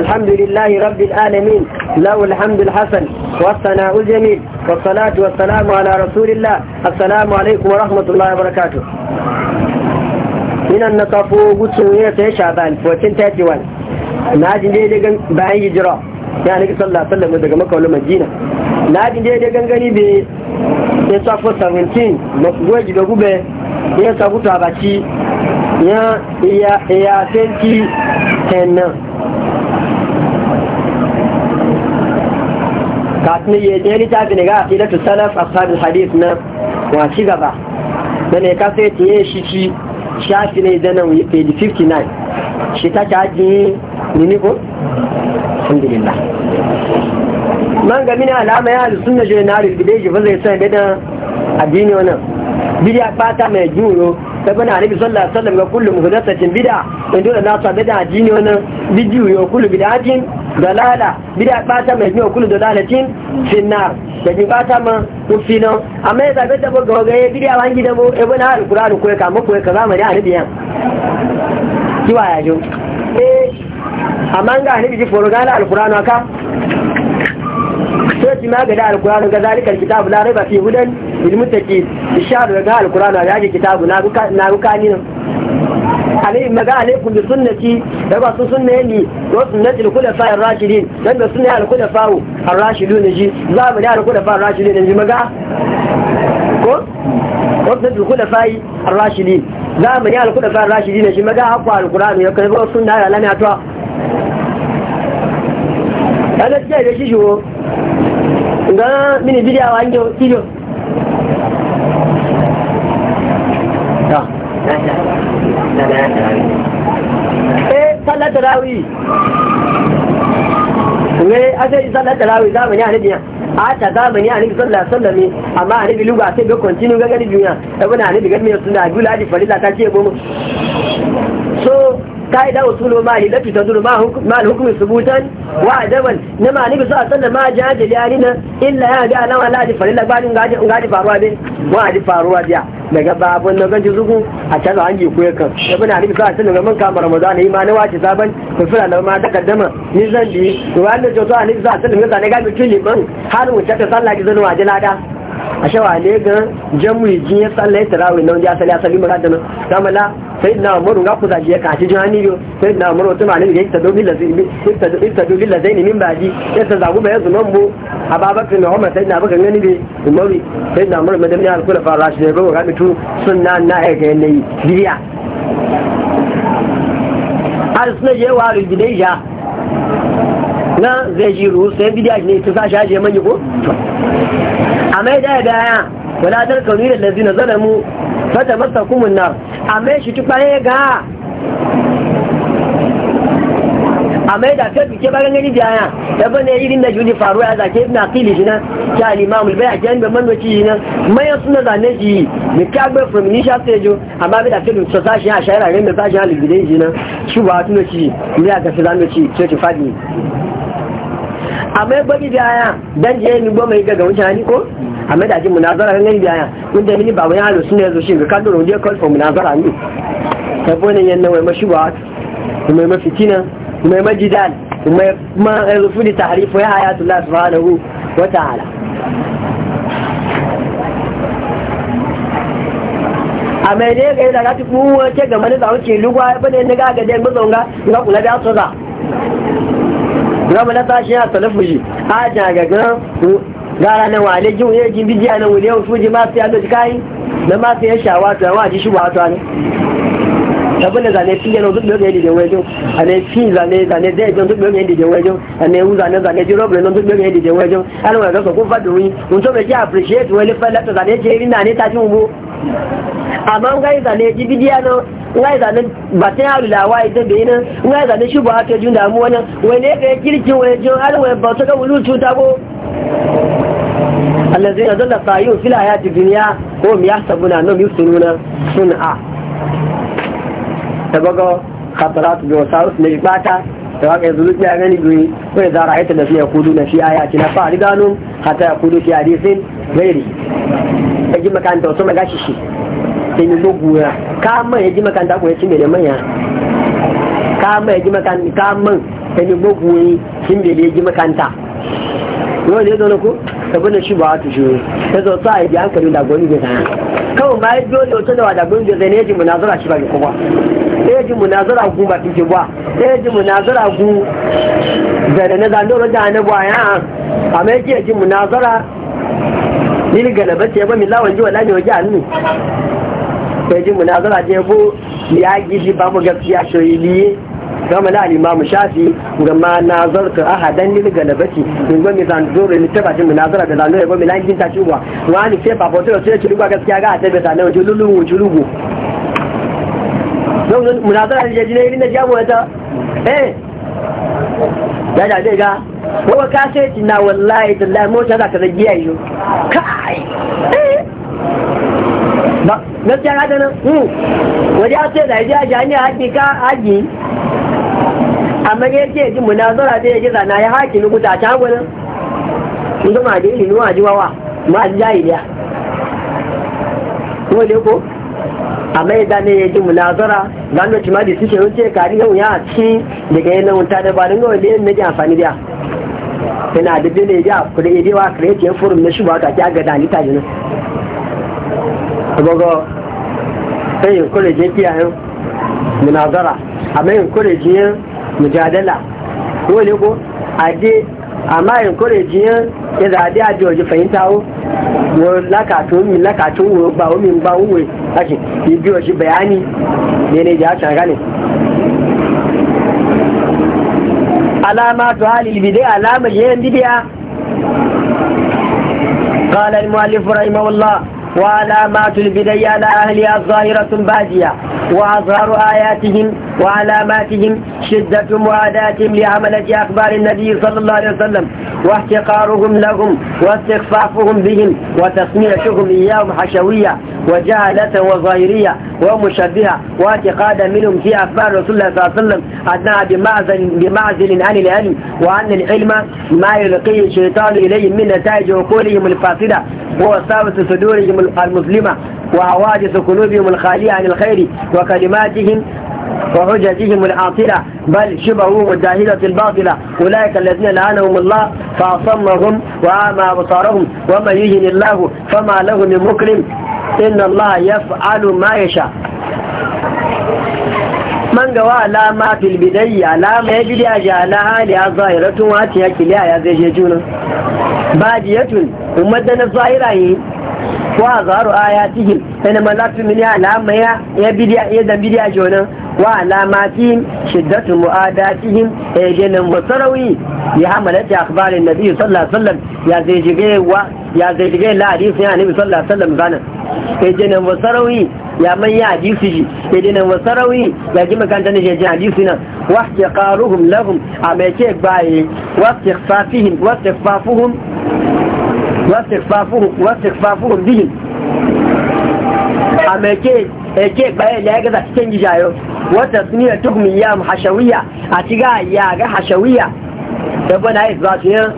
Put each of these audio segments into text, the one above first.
الحمد لله رب العالمين له الحمد الحسن والثناء الجميل والصلاة والسلام على رسول الله السلام عليكم ورحمة الله وبركاته ina na kafo gutsun ya sai shaban 1431 na ji daidai gan bayan hijira ya nake sallah daga makaulin madina na jin daidai gangani be sai safo 17 na kuwa gida gube ya sabu tabaci ya ya ya kafin ya je littafi ne ga ta salaf ashabul hadith na wa shi gaba ne ka kafe tiye shi ci shafi ne da nan page 59 shi ta caji ni ne ko alhamdulillah man ga mini alama ya halu sunna je na da shi ba zai sai da addini wannan bidiya fata mai juro sabon annabi sallallahu alaihi wasallam ga kullu muhdathatin bid'a inda na sa bid'a addini wannan bidiyo kullu bid'atin dalala bida bata mai biyo kullu dalalatin finnar da bi bata ma kufino amma da ga dabo boga ga ya bida wangi da bo ibn al-qur'an ko ka kama ko ya kaza mai annabi kiwa ya jo eh amma ga annabi biji foro gala al-qur'an aka sai ma ga da al-qur'an ga zalika kitabu la raiba fi hudan lil muttaqin ishar ga al-qur'an ya ji kitabu na ruka na ruka ni alayhi maga alaikum bi sunnati da ba su sunna ne wa sunnati al-khulafa ar-rashidin dan da sunna al-khulafa ar-rashidun ji za mu da al-khulafa ar-rashidun ji maga ko wa sunnati al-khulafa ar-rashidin za mu da al-khulafa ar-rashidin ji shi shiwo ga mini bidiya wa anjo eh sallar tarawih ne aka yi sallar tarawih zamani a nabiya a ta zamani a nabi sallar sallar ne amma a nabi luga sai bai kontinu ga gari duniya abin a nabi gari mai suna gula da farila ta ce gomu so kaida usulu ma hi lati tadur ma hukm ma hukm subutan wa adaban ne ma ni bisa sanna ma jaje yari na illa ya ga nan Allah di farilla ba dun gaje gaje faruwa be wa di faruwa biya daga babun nan ganji zugu a can an ji koyar kan ibn ali bisa sanna mun man kamar ramadan yi ma ne wace saban ko fira na ma takaddama ni zan bi wa da jota ni bisa sanna ga ne ga mutun liman har mu ta sallah ji zan wa jilada a shawa ne ga jamu jin ya tsalla ya tarawe na wanda asali asali magana nan kamala sai na umaru ga kusa zaje ka ci jihani yo sai na umaru wata malami ya ita dobi lazai ta dobi ta dobi min baji ya ta zagu bai zuman bu ababakar na umar sai na baka gani bai umaru sai na umaru madami alkula fa rashid ne ga mutu sunna na ai ga yanayi biya al sunna je wa al na zai ji ruhu sai bidiya ne ta sa shaje manyi ko a mai daya daya wala tarkaru da lazina zalamu fata masa kumun nar a mai shi tuba ya ga a mai da kai ke bagan gani jaya da bane irin da juni faru ya zake ibn aqili shi nan ta al-imam al-bayhaqi an da manwaci shi nan mai suna zane shi ne ka gbe from initial stage amma bi da kai so sashi a shaira ne sashi halin gidan shi nan shi ba tuno shi ne aka sai ce ci fadi amma bari da aya dan je ni goma ga ga mutane ko amma da ji munazara kan gani da aya kun da mini baban yaro sun zo shi ga kallon je call for munazara ne sai bone yan nan wai mashuba kuma mai fitina kuma mai jidal kuma ma eh, rufu da tahrifu ya ayatullah subhanahu wa ta'ala a mai ne ga yadda gati kuwa ce game da zaunci lugwa ya bane na gaga da mazonga ga kula da soza gama na tashi ya salafu shi a jagagan gara na wale jin wuye jin bidiya na wule wasu ji masu ya doji kayi na masu ya shawa to yawa ji shi ba to ne abin da zane fi yana zuɗi yadda yadda wajen a ne fi zane zane zai jan zuɗi yadda yadda wajen a ne wu zane zane ji robin nan zuɗi yadda yadda wajen an wani gasa kun wuyi mun to bai ji appreciate wani fallata zane ce irin na ne ta ci amma ngai zane ji bidiya na ngai zane batin haru lawa ita bai nan ngai zane shi ba ta jin damu wani wani ga ya kirki wani jin har wani ba su ga wulu cuta ko allazi na zalla sayu fil hayati dunya ko mi yahsabuna annahum yusununa sun'a tabaga khatarat bi wasaus ne bata da haka yanzu duk ya gani guri kai za ita da su ya kudu na shi ayati na fa rigano hatta ya kudu fi hadisin gairi ji makaranta wasu magashi shi sai ni bugu ya kaman ya ji makaranta ko ya ci mele manya kaman ya ji makaranta kaman sai ni bugu shi mele ya ji makaranta yau ne zo na ku saboda shi ba wata shi ta zo sa ya ji hankali da gori da sana kawai ma ya dole wata da wada gwani da zai ne ya ji munazara shi ba ga kuma ya ji munazara gu ba fi ba ya ji munazara gu da na zandoro da na baya amma ya ji munazara lil galabati ya ba mi lawan jiwa laje waje annu sai jin munazara je bu ya gidi ba mu gaskiya shoyi gama na alimamu shafi gama na zarta ahadan in zan ni taba jin da zanu ya gwami lan ginta ciwa wani sai ba sai ci gaskiya ga na don ya da zai ga wawa ka sai ci na wallahi tallahi mota za ka zagiya yi kai eh! ba na hmm, na ga nan waje a sai da ya ji hanyar haƙi ka haƙi amma ne ce ji munazara da ya ji zana ya haƙi lokuta a can gudun in zama da ji wawa ma ji ya ko ne ko amma idan ne ya ji munazara, zan da cima da ke wuce kari yau ya ci daga yin nan ta da ba don gawai da na ji amfani da yana da bin ya ji a idewa kireti ya na shi ba ka kya ga dani ta jinin agogo sai yin kure je kiyayen munazara amma yin kure jiyan mujadala ko ne ko amma yin kure jiyan yin zaɗi a jiwaji fahimta oh, wo lakatun mi lakatun wo ba wo min ba wo yi biyo shi bayani ne ne gane alama to halil alama bidiya قال المؤلف رحمه الله وعلامات البداية على أهلها ظاهرة بادية وأظهر آياتهم وعلاماتهم شدة معاداتهم لعملة أخبار النبي صلى الله عليه وسلم واحتقارهم لهم واستخفافهم بهم وتصنيعهم إياهم حشوية وجعلته وظاهرية ومشبهة واعتقادا منهم في أخبار رسول الله صلى الله عليه وسلم أنها بمعزل, بمعزل عن العلم وأن العلم ما يلقيه الشيطان اليه من نتائج عقولهم الفاسدة ووساوس صدورهم المظلمة وحوادث قلوبهم الخالية عن الخير وكلماتهم وحججهم العاطلة بل شبههم الجاهلة الباطلة أولئك الذين لعنهم الله فأصمهم وأعمى أبصارهم ومن يهن الله فما له من مكرم inna Allah yaf'alu ma yasha man ga wa alama fil alama ya bidi a jala hali a zahiratun wata ya kiliya ya zai je juna badiyatun umar da na zahira yi wa zaharu aya cikin yana malatu mini alama ya ya bidi ya da bidi a jona wa alamatin shiddatu mu'adatihim ya je nan masarawi ya hamalata akhbarin nabi sallallahu alaihi wasallam ya zai jige wa ya zai jige la hadisi ya nabi sallallahu alaihi wasallam zanan ya je nan wasarawi ya manya hadisi shi ya je nan wasarawi ya ji makanta ne shi hadisi nan wasu qaruhum lahum a mai ce baye wasu fafihim wasu fafuhum wasu fafuhum wasu fafuhum dihim a mai ce ke baye ya gaza cikin gijayo wata suniyar tuhumi ya hashawiya a ciga ya ga hashawiya da bana ya zuwa su yin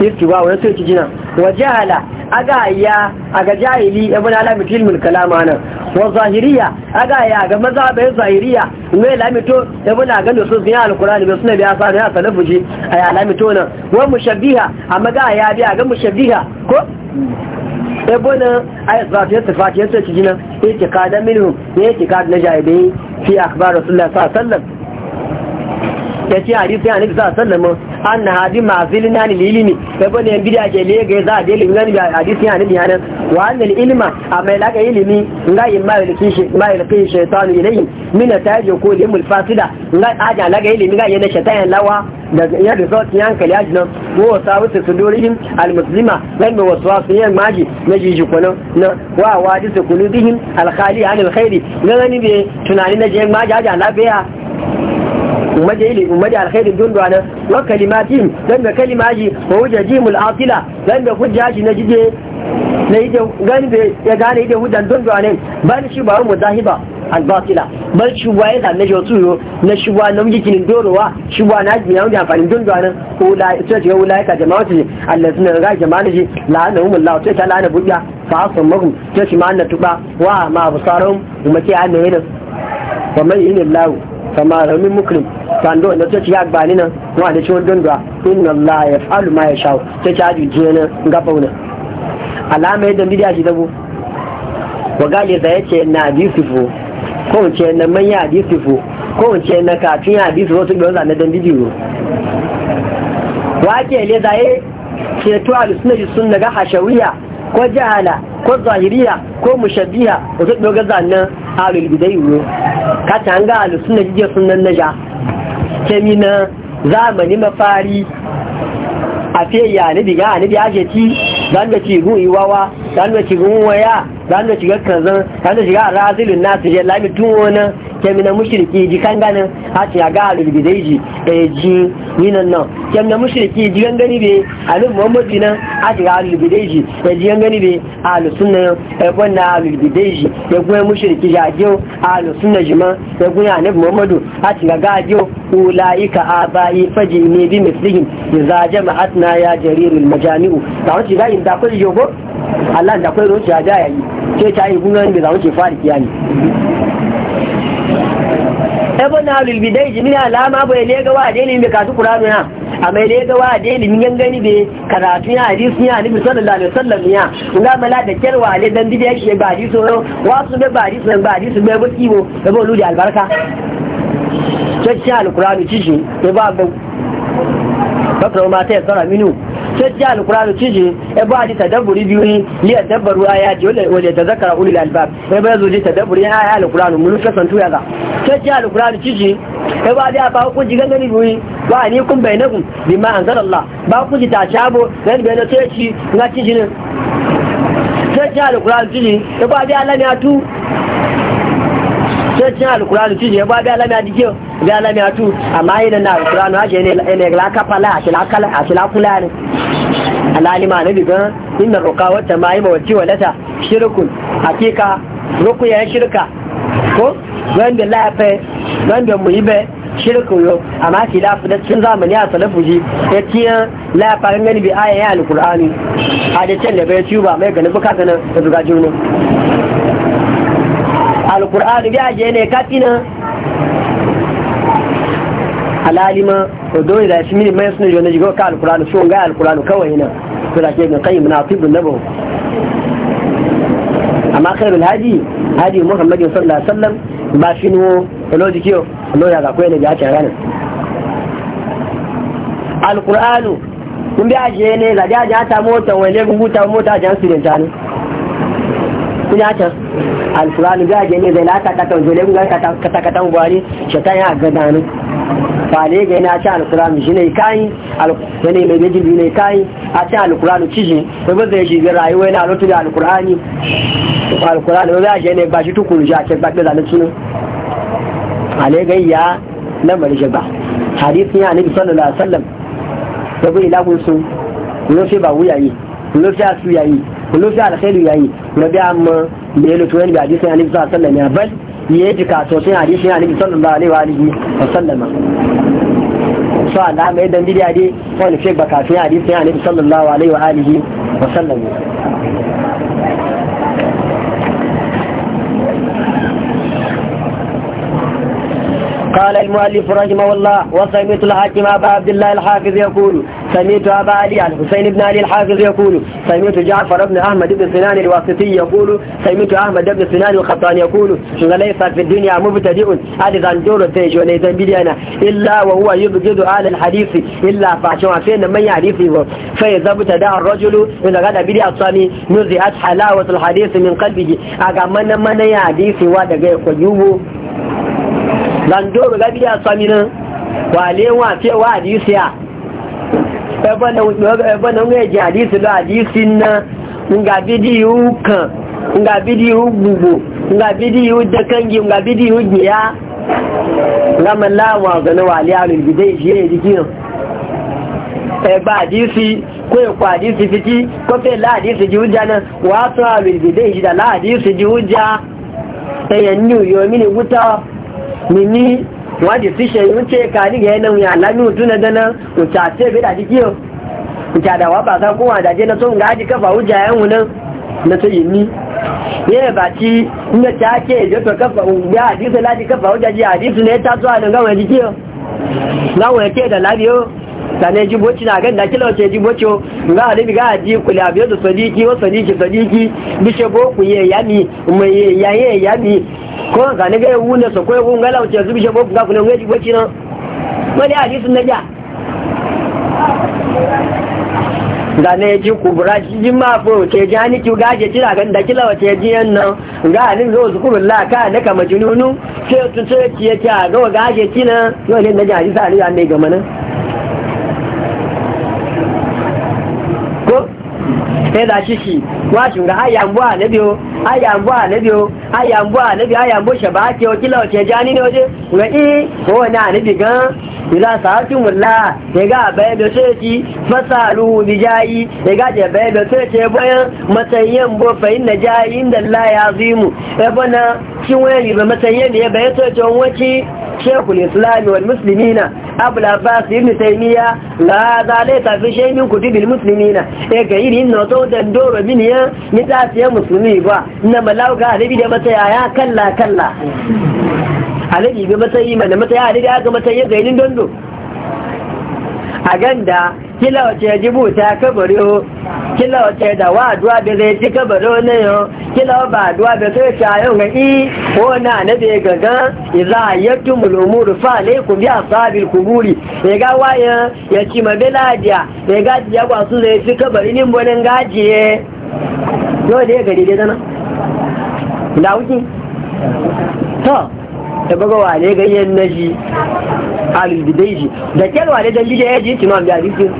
istiwa wani sai ci jina Wajahala aga ya aga jahili ibn alami tilmul kalama nan wa zahiriya aga ya ga mazhabin zahiriya ne lamito ibn aga da sun ziyan alqur'ani ba sunna biya sa ne salafu ji ay alamito nan wa mushabbiha amma ga ya biya ga mushabbiha ko ibn ay zafiya tafati yace ci jina yake kada minhum yake kada na jahili fi akhbar rasulullah sallallahu alaihi wasallam ya ce hadisi ya nufi sallama an na hadi ma'azilin na ni lilimi yan ke le za a je limin ya hadisi ya nufi yanar wa annal a mai laka ilimi nga yi ma'ilki shaitanu ilayi mina ta yaje ko limul fasida nga aja laka ilimi ga yana lawa da ya resort ya hankali aji nan ko wasu su almuslima mai wasu wasu yan maji na jiji kwanan na wa wa su kuludihim alkhali anil khairi ganin ne tunani na jiyan maji lafiya umaje ili umaje alkhairi dundwa nan wa kalimatin dan da kalimaji wa wajajimul atila dan da hujjaji na jide na yi gani da ya gane da hudan dundwa ba ban shi ba mu zahiba albatila bal shuwa ya na jo tuyo na shi shuwa na mujikinin dorowa shi shuwa na jiya wani amfanin dundwa nan ko la ita ce wula ka jama'a ce allazina ga jama'a ji la'anahumullahu ta ta na buya fa asmakum ta shi ma ma'anna tuba wa ma absarum umma ke annayin wa man yinillahu kama ramin mukrim kando da ta ya gbani nan wa da ciwon dundwa inna Allah ya fa'alu ma ya shawo ta ci aji jiya nan ga fauna alama yadda bidiya shi dabo wa gali da yace na disifu ko ce na manya disifu ko ce na kafin ya disifu wasu da wanda dan bidiyo wa ke le zaye ce to al-sunna sunna ga hashawiya ko jahala ko zahiriya ko mushabbiha wasu doga zannan alul bidai ka tanga al-sunna jije sunnan naja kemi na zamani mafari a fiye ya nabi ga nabi ake ci zan da ci gun iwawa zan da ci gun waya zan da ci kazan zan da ga razilin nasu je lami tun wani kemina mushiriki ji kan ganin hatin ya ga alul bidai e ji eh ji ninan nan kemina mushiriki ji kan gani be alul muhammadi nan hatin ya alul bidai ji eh ji kan gani be alul sunna eh gwanna alul bidai ji eh gwan mushriki ja jo alul sunna jima eh gwan annabi muhammadu hatin ya ga jo ulaika abai faji ne bi mislihim idza jama'atna ya jaririn majami'u da wace ga inda kwai jogo Allah da kwai roci ja yayi sai ta yi gungan da zamu wuce fari kiyani ebon halul bidai jimina alama bai lega wa adini mai kasu na a mai lega wa adini yan gani bai karatu ya hadisi ya nabi sallallahu alaihi wasallam ya mala da kerwa ne dan bidai shi ba hadisi ro wasu be ba hadisi ba be ba kiwo be ba ludi albarka sai shi alkurani ci shi be ba ba bakra ma ta tsara sajja alkur'anu ciji e ba ji tadabburi biyu ne li tadabbaru ayati wala wala tazakara ulul albab e ba zo ji tadabburi ayati alkur'anu mun ka santu ya ga sajja alkur'anu ciji e ba ji ba ku ji gangani biyu ba ni kun bainakum bima anzalallah ba ku ji ta shabo dan bai na sai ci na ciji ne sajja alkur'anu ciji e ba ji Allah ne atu cin alkurani ci ne ba bi alamiya dike bi alamiya tu amma yi na alkurani ake ne la kafala a shilakula ne alalima na bigan inda roka wata ma yi mawaci walata shirkun hakika roku ya shirka ko wanda lafe wanda mu yi bai shirkun yau amma ki da fi cin zamani a salafu ji ya tiya lafarin gani bi ayan alkur'ani a da can da bai ciwo ba mai ganin buka ganin da zuga jirgin alkur'ani bi aje ne katina alalima ko dole da shi mini mai sunu jona jigo ka alkur'ani so ga alkur'ani kawai na to da ke ga kai muna tibun nabo amma khairul hadi hadi muhammadin sallallahu alaihi wasallam ba shi no lo kiyo lo ya ga ko ne ga ta ranan alkur'ani kun bi aje ne da ja ja ta mota wale gubuta mota jan sirin ta ne kulata alfurani ga je ne zai lata ta zole ga ka ta ka ta buhari shaitan ya ga danu fale ga yana ci alkurani shi ne kai alkurani mai gaji biyu ne kai a ci alkurani ciji ko ba zai shi ga rayuwa yana lotu da alkurani alkurani ba za shi ne ba shi tukun shi a ce ba da zanen sunan ale ga ya lamar shi ba hadisin ya nabi sallallahu alaihi wasallam da bai lagun su ne sai ba wuya wuyaye kullum sai asu yayi kullum sai alkhairu yayi kuma bi amma da yalo to yana bi hadisin annabi sallallahu alaihi wasallam ya bal ya yi ka to sai hadisin annabi sallallahu alaihi wa alihi wasallam so Allah mai dan bidiya dai wani sai baka sai hadisin annabi sallallahu alaihi wa alihi wasallam قال المؤلف رحمه الله وسمعت الحاكم ابا عبد الله الحافظ يقول سمعت أبا علي الحسين بن علي الحافظ يقول سمعت جعفر بن أحمد بن سنان الواسطي يقول سمعت أحمد بن سنان الخطان يقول ليس في الدنيا مبتدئ هذا زنجور تيج وليس بدينا إلا وهو يبجد آل الحديث إلا فعشان فين من يعرفه فإذا ابتدع الرجل إذا غدا بدي أصاني نزعت حلاوة الحديث من قلبه أقامنا من يعرفه ودقى يقول zandoro gabi da samina wale wa ce wa hadisi ya ẹbọ́n náà ẹ̀jẹ̀ àdísì lọ àdísì náà nga bidiyu kan nga bidiyu gbogbo nga bidiyu dakangi nga bidiyu gbiya gama lawa gani wa aliyarun gidai shi ya jiki nan àdísì kó fiti wa decision mun ce ka ni ga yana ya la mi tuna dana ku ta ce be da dikiyo ku ta da wa ba ka ko wa da je na so ga ji kafa wuja yan e wunan na to yini ye ba ci ne ta ce je to kafa ya hadisi la ji kafa wuja ji hadisi ne ta zuwa da ga wa dikiyo ga wa ke da labiyo sane jiboci na ganda kila wace jiboci ga alibi ga aji kuli abiyo da sadiki wa sadiki sadiki bishe boku ye yami mai ye yaye yami ko zane ga ewu ne sokwe ewu la wace zu bishe boku ga kuli ngai jiboci na wani hadisin na ja zane ji kubura shi ji ma fo ce ji hani ki ga je tira ganda kila wace ji yan nan ga alin zo su kubur la ka ne kama jununu ce tun ce ki ya ta ga ga je tina yo ne na ja hadisa ali an ne ga mana 在那去吃，我就在海阳湾那边。Aya ayambo anabi o ayambo anabi ayambo shabaki o kila wace jani ne waje ga i ko wani anabi gan ila sa'atin walla ya ga bai da sai fasalu bi jayi ya ga je bai da sai ce bayan matsayin bo fa inna jayi inda Allah ya azimu ya bana kin yi ba matsayin ne bai sai ce wace shekul islam wal muslimina abul abbas ibn taymiya la zalata fi shay'in kutubil muslimina e ga irin no to da doro miniya ni ta fi musulmi ba na malawu ga alibi da mata yaya kalla kalla alibi ga mata yi mana mata ya alibi aka mata ya gainin dondo a ganda kila wace ya jibuta kabari ho kila wace da wa aduwa da zai ci kabari na ne ho kila wa ba aduwa da sai ta yau ga i ko na na da gaga idza yatumul umur fa alaykum bi asabil quburi ya ga waya ya ci mabeladiya ya ga ya kwasu zai ci kabari ne bonin gajiye yau da ya gari dai dana da wuce to ta baga wane ganyen na shi alibidai shi da kyan wane don bidai ya ji tunan da hadisi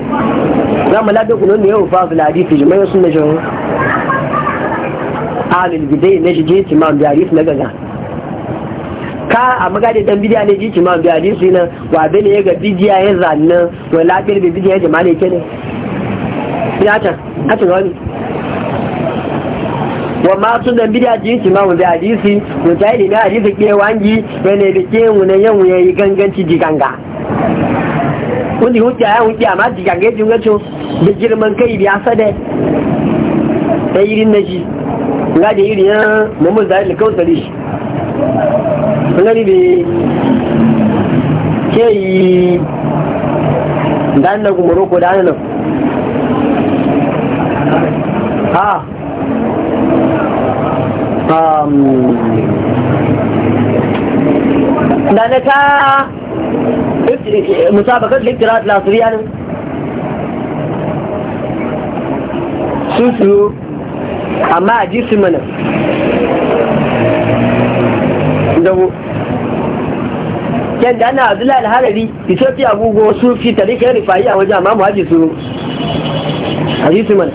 za mu lafi kunan da yau fafi da hadisi shi mai sun na shan alibidai na shi ji tunan da hadisi na gaza ka a magadi dan bidiya ne ji tunan da hadisi na wa bane ya ga bidiya ya zanna wa lafiyar bai bidiya ya jama'a ne ke ne ya ta a tunan wani wa masu da bida jinsi ma wanda hadisi mujahidi na hadisi ke wangi yana da ke wunan yan wuya yi ganganci jiganga kundi hujja ya ma amma jiganga jin gacho da girman kai biya sada da irin na shi ga da irin ya mamun zahir da kawsari shi ngani be ke yi dan na gumaro ko dan nan ha Um, da na ta musabakar littirat lasuriya ne sun suru amma a ji su mana dago kyan da ana azula alharari ethiopia gugu su fi tarika yin rifayi a wajen amma mu haji su a ji su mana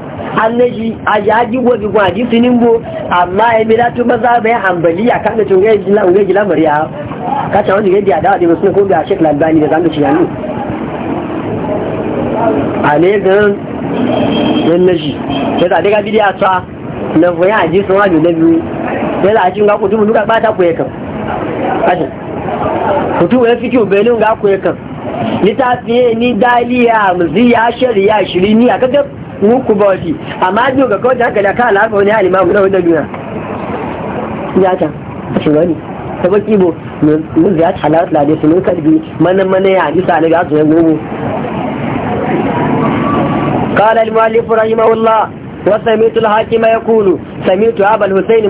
annaji a yaji gobe gwaji sinin bo amma ya mila tu maza bayan hambali a kan da tun gai jila ngai a kacha wani gaji a dawa da masu ko da shekla albani da zan ci yanu ale gan dan naji sai da daga bidiyar ta na voya ji sun wani na biyu za a ajin ga ku dubu duka bata ku yakan kaje kutu fi kyau belin ga ku yakan ni ta fiye ni daliya muziya shari'a ni a gaggab ku ba shi amma jiyo ga kawai haka da kala haka wani halima mu da duniya ya ta a shiga ne ta baki bo mun zai halar da su mun karbi manan mana ya hadisa ne ga su ya gogo قال المؤلف رحمه الله وسمعت الحاكم يقول سمعت أبا الحسين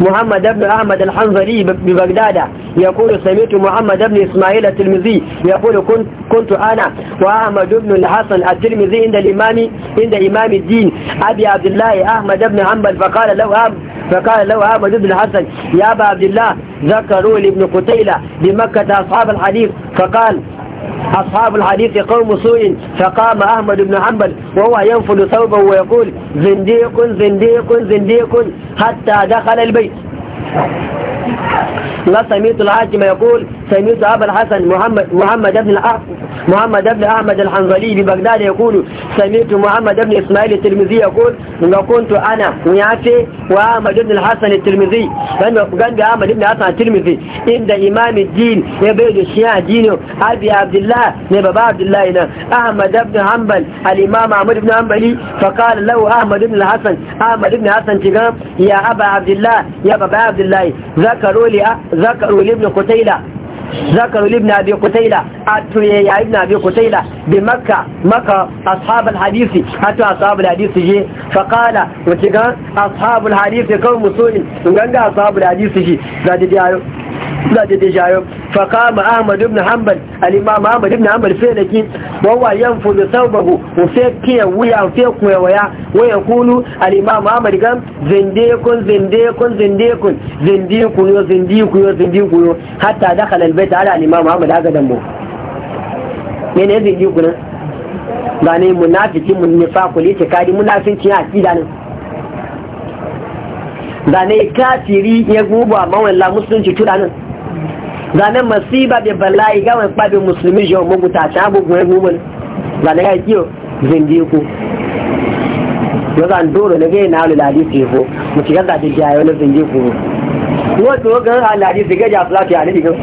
محمد بن أحمد الحنظري ببغداد يقول سمعت محمد بن إسماعيل الترمذي يقول كنت, كنت أنا وأحمد بن الحسن الترمذي عند الإمام عند إمام الدين أبي عبد الله أحمد بن حنبل فقال له فقال له أحمد بن الحسن يا أبا عبد الله ذكروا لابن قتيلة بمكة أصحاب الحديث فقال أصحاب الحديث قوم سوء فقام أحمد بن حنبل وهو ينفل ثوبه ويقول زنديق زنديق زنديق حتى دخل البيت لا سميت الحاكم يقول سميت أبا الحسن محمد محمد بن محمد بن أحمد الحنظلي ببغداد يقول سميت محمد بن إسماعيل الترمذي يقول كنت أنا ويعفي وأحمد بن الحسن الترمذي قال أحمد بن الحسن الترمذي عند إمام الدين يبيد الشيعة دينه أبي عبد الله نبابا عبد الله هنا أحمد بن حنبل الإمام أحمد بن حنبلي فقال له أحمد بن الحسن أحمد بن الحسن تقام يا أبا عبد الله يا بابا عبد الله zakaru li ah, zakaru ibn qutayla zakaru ibn abi qutayla atuye ah, eh, ya ibn abi kutaila bi makka makka ashab al hadisi hatta ashab al hadisi je fa qala wa tiga ashab al hadisi kaum su'in ganga ashab al hadisi je da dai za ta shayo ma ahmad ibn hanbal al-imam ahmad ibn hanbal sai da ki wawa da sabahu wa sai ya wuya sai ya waya wa Kulu al-imam ahmad gam zinde kun zinde kun zinde kun zinde kun yo zinde kun yo zinde kun yo hatta dakhala al-bayt ala al-imam ahmad haka dan mu me ne zinde kun ga ne munafiki mun nifaqul kadi munafiki ya ne zane kafiri ya guba mawalla musulunci tura nan zane masiba da balayi gawon kpabe musulmi shi omogu ta ci abubuwan ya guba zane ya kiyo zindiku yau zan doro na gaya na aluladi su yako mutu yadda ta jaya wani zindiku wato gan aluladi su gaja su lafiya ne digan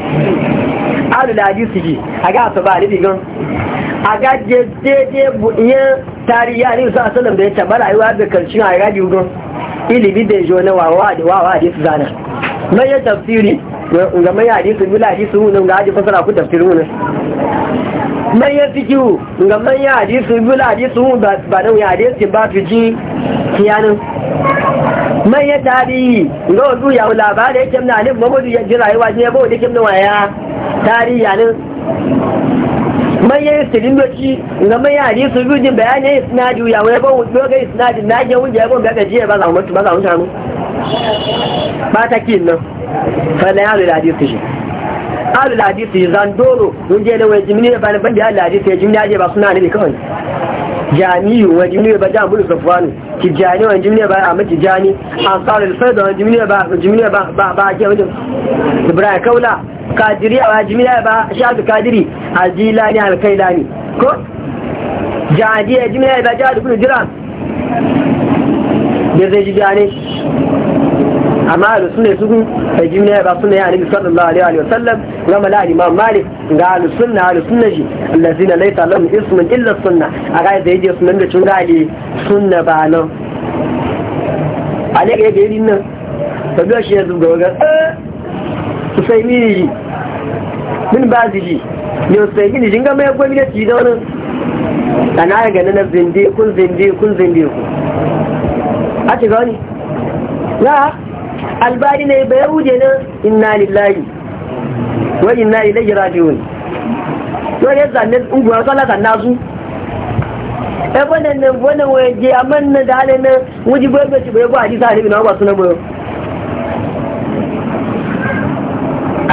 aluladi su ji a ga su ba ne digan a ga daidai buɗiyan tarihi a ne su asalin da ya taɓa wa da karshen a gaji gudun ilimin da jo na wawa da wawa su zana mai ya tafsiri ga mai hadisi bila hadisi hunan ga hadisi fasara ku tafsiri hunan mai ya fi ga mai ya hadisi bila hadisi hun ba nan ya hadisi ba fi ji kiyanin mai ya tarihi ga wasu ya wula ba da yake na alif mamadu ya ji rayuwa ne ba wani kim na waya tarihi yanin manyan istilin doci ga manyan hadisu biyu jin bayanin isnadi ya wani ban wuce ga isnadi na ajiye wunje yabon ga gajiya ba za a mutu ba za mu ba ta kin nan fadda ya yalu hadisu shi alu hadisu zan doro wunje ne wani jimini da fadda ban da hadisu ya jimini ajiye ba suna ne kawai jani wa jimle ba da bulu safwanu ki jani wa jimle ba amma ki jani da sai da wa jimle ba jimle ba ba ba ke wajen ibrahim kaula kadiri wa jimle ba shafi kadiri ajilani alkaidani ko jadi jimle ba jadu bulu jiran da zai ji jani amma da sunne su da ya ba sunne ya annabi sallallahu alaihi wa sallam ga mala imam malik ga al sunna al sunna ji allazina laysa lahum ismun illa sunna a ga da yaje sunan da tun ga ali sunna ba nan ale ga ga yin eh, nan to da shi yanzu zuga ga su sai mi min ba ji ne sai gini jinga mai gwamnati da wannan kana ga nan zinde kun zinde kun zinde ku a ci gani la albani ne bai ruje nan inna lillahi wa inna ilaihi raji'un to ne zanne unguwa kala kan nasu e wannan nan wannan waje amman na da halin nan wuji bai bai bai ba hadisi alibi na ba sunan bai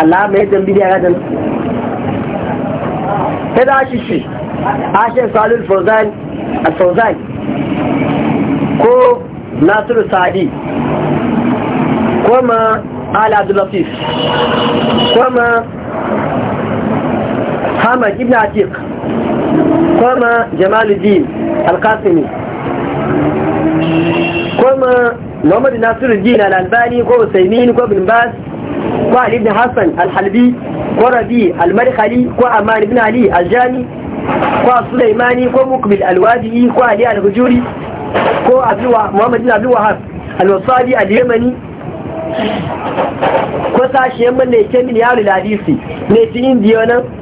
Allah mai dan bidiya ga dan kada shi shi Ashe Salul Fawzan al-Fawzan ko Nasiru Sa'di كما آل عبد اللطيف كما حمد ابن عتيق كما جمال الدين القاسمي كما محمد ناصر الدين الألباني كما سيمين كما بن باز كما علي بن حسن الحلبي كما ربي المرخلي كما أمان بن علي الجاني كما سليماني كما مقبل الوادي كما علي الهجوري كما محمد بن عبد الوهاب الوصالي اليمني ko sashe man ne ke min yaro ladisi ne ti indiya nan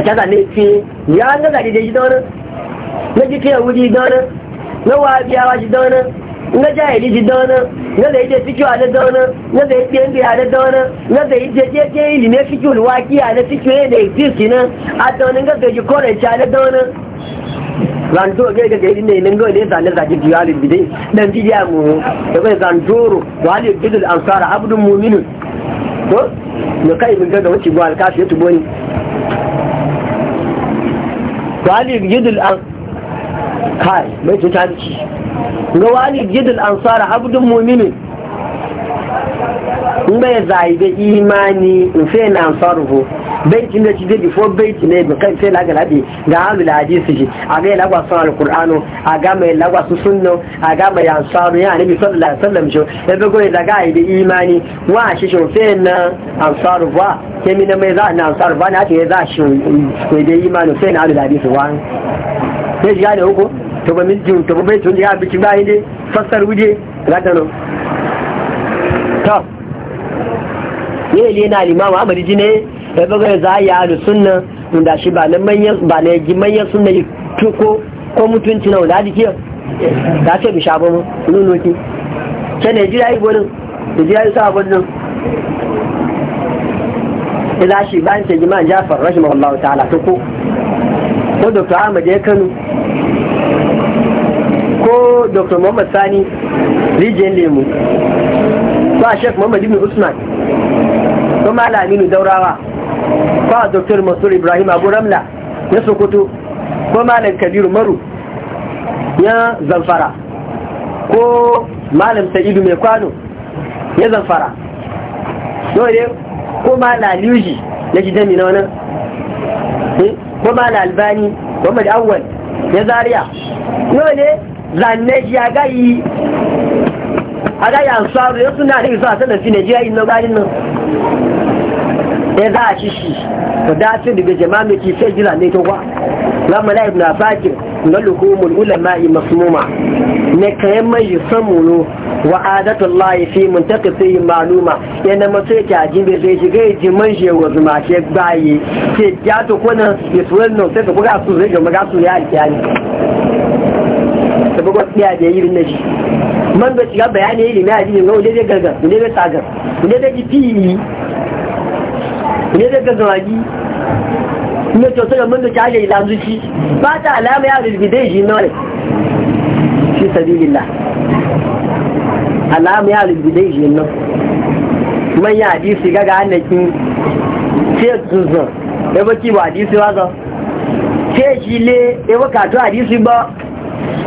a caza ne fi ya na zaɗi da shi daunin na ji fiye wuri daunin na wabiyawa shi daunin na jahili shi daunin na da ije fikiyo a da daunin na da ije ɗin a da daunin na da ije jeje ilime fikiyo waki a da fikiyo ne da exist nan a daunin gaggaji koranci a da daunin zanto ga ga gari ne nan gole zane zaji diyalin bidai dan bidiya mu da e bai zantoro wali bidul ansara abdul mu'minun to ne kai mun ga da wuce gwal kafi ya tubo ni wali bidul an kai mai tuta ci ga wali bidul ansara abdul mu'minun in bai zai da imani in fe na ansaru baiti da shi zai fo baiti ne ga kai sai la galabi ga hamil hadisi shi a ga lagwa sun alqur'ano a ga mai lagwa su sunno a ga mai ansaru ya annabi sallallahu alaihi wasallam shi ya bi goyi daga ai da imani wa shi shi sai na ansaru ba ke mi na mai za na ansaru ba na ce za shi ko da imani sai na hamil hadisi wa sai ya ne uku to ba mi jin to bai tun ya biki bai ne fassar wuje ga no to ne ne na limama amari ji ne sai baga za a yi da sunna da shi ba na manyan ji manyan sunna yi tuko ko mutunci na wanda jikiya ta ce bi shabo mu nunoki ce ne jira yi gwanin da jira yi sa gwanin ila shi bayan sai jima jafar ma. Allah ta'ala tuko ko dr ahmad ya kano ko dr muhammad sani rijiyar lemu ko a shek muhammad ibn usman ko malami daurawa fa doktor Mansur Ibrahim Abu Ramla ya Sokoto ko Malam Kabiru Maru ya Zamfara ko Malam Sa'idu Mai Kwano ya Zamfara dole ko Malam Aliyu na jami na wannan eh, ko Malam Albani da awon ya Zaria dole zanne ya gayi a gayi ansaru ya suna da a sanar fi Najeriya inna garin nan ya eh, za a shi shi da dace daga jama'a mai ke sai jira ne ta kwa na ibn abakir na lukumul ulama masmuma na kayan mai yi samuno wa adatun layi fi mun ta kasi maluma yana mace ki a jimbe zai shiga yi jiman shi wa zuma ke baye ke ya to kwanan ya turan nan sai ka buga su zai ga maga su ya alkiyani ta buga tsiya da yi na shi man bai shiga bayani yi ilimi a jini ga wunde zai gargar wunde zai tsagar wunde zai ji fiye ne daga zawagi ne kyautar da mundu kyaje ilan zuci ba ta alama ya rilbide shi na wani shi sabilillah alama ya rilbide shi na manyan hadisi gaga annakin ce zuzun ya baki ba hadisi wazo ce shi le ya bukatu hadisi ba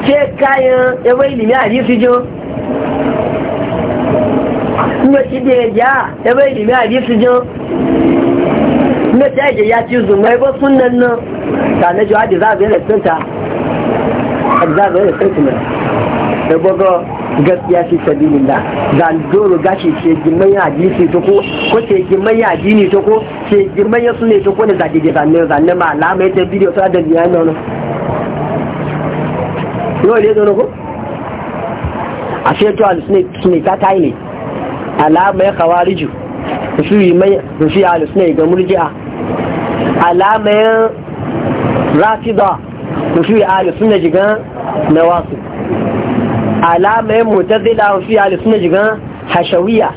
ce kayan ya bai ilimi hadisi jo kuma shi da ya ja ilimi hadisi jo so ta yaje ya ci zumai ba sunan nan ta na jihadi za a zai da sunta za a zai da sunta da gogo gaskiya fi sabilin da doro gashi ce gimman ya hadisi ta ko ko ce gimman ya hadini ta ko ce gimman ya sune ta ko ne zage ge zanne zanne ma alama ita bidiyo ta da biyan nan yau ne zo ko a ce to al sune sune ta tayi ne alama ya khawariju su yi mai su yi al sune ga murji'a alamayin rafida mufi ahli sunna jigan nawasu alamayin mutazila mufi ahli sunna jigan hashawiya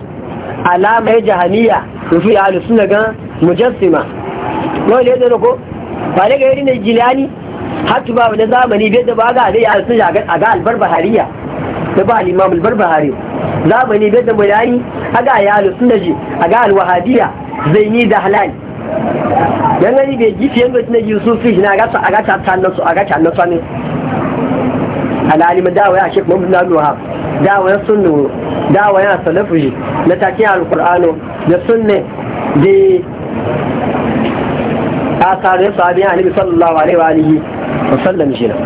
alamayin jahaniya mufi ahli sunna gan mujassima wani ne zai ko ba daga yari na jilani hatu ba wani zamani bai da ba ga alai ahli sunna a ga albar bahariya da ba limam albar bahari zamani bai da bayani a ga halittu sunna ji a ga al zai zaini da halali yan gani bai gifi yan gani yi yusuf fi na gata a gata ta nasu a gata nasu ne alimin dawa ya shek mabu na nuha dawa ya sunnu dawa ya salafu shi na take alkur'ano da sunne da asaru ya sahabi ya nabi sallallahu alaihi wa alihi wa sallam shi na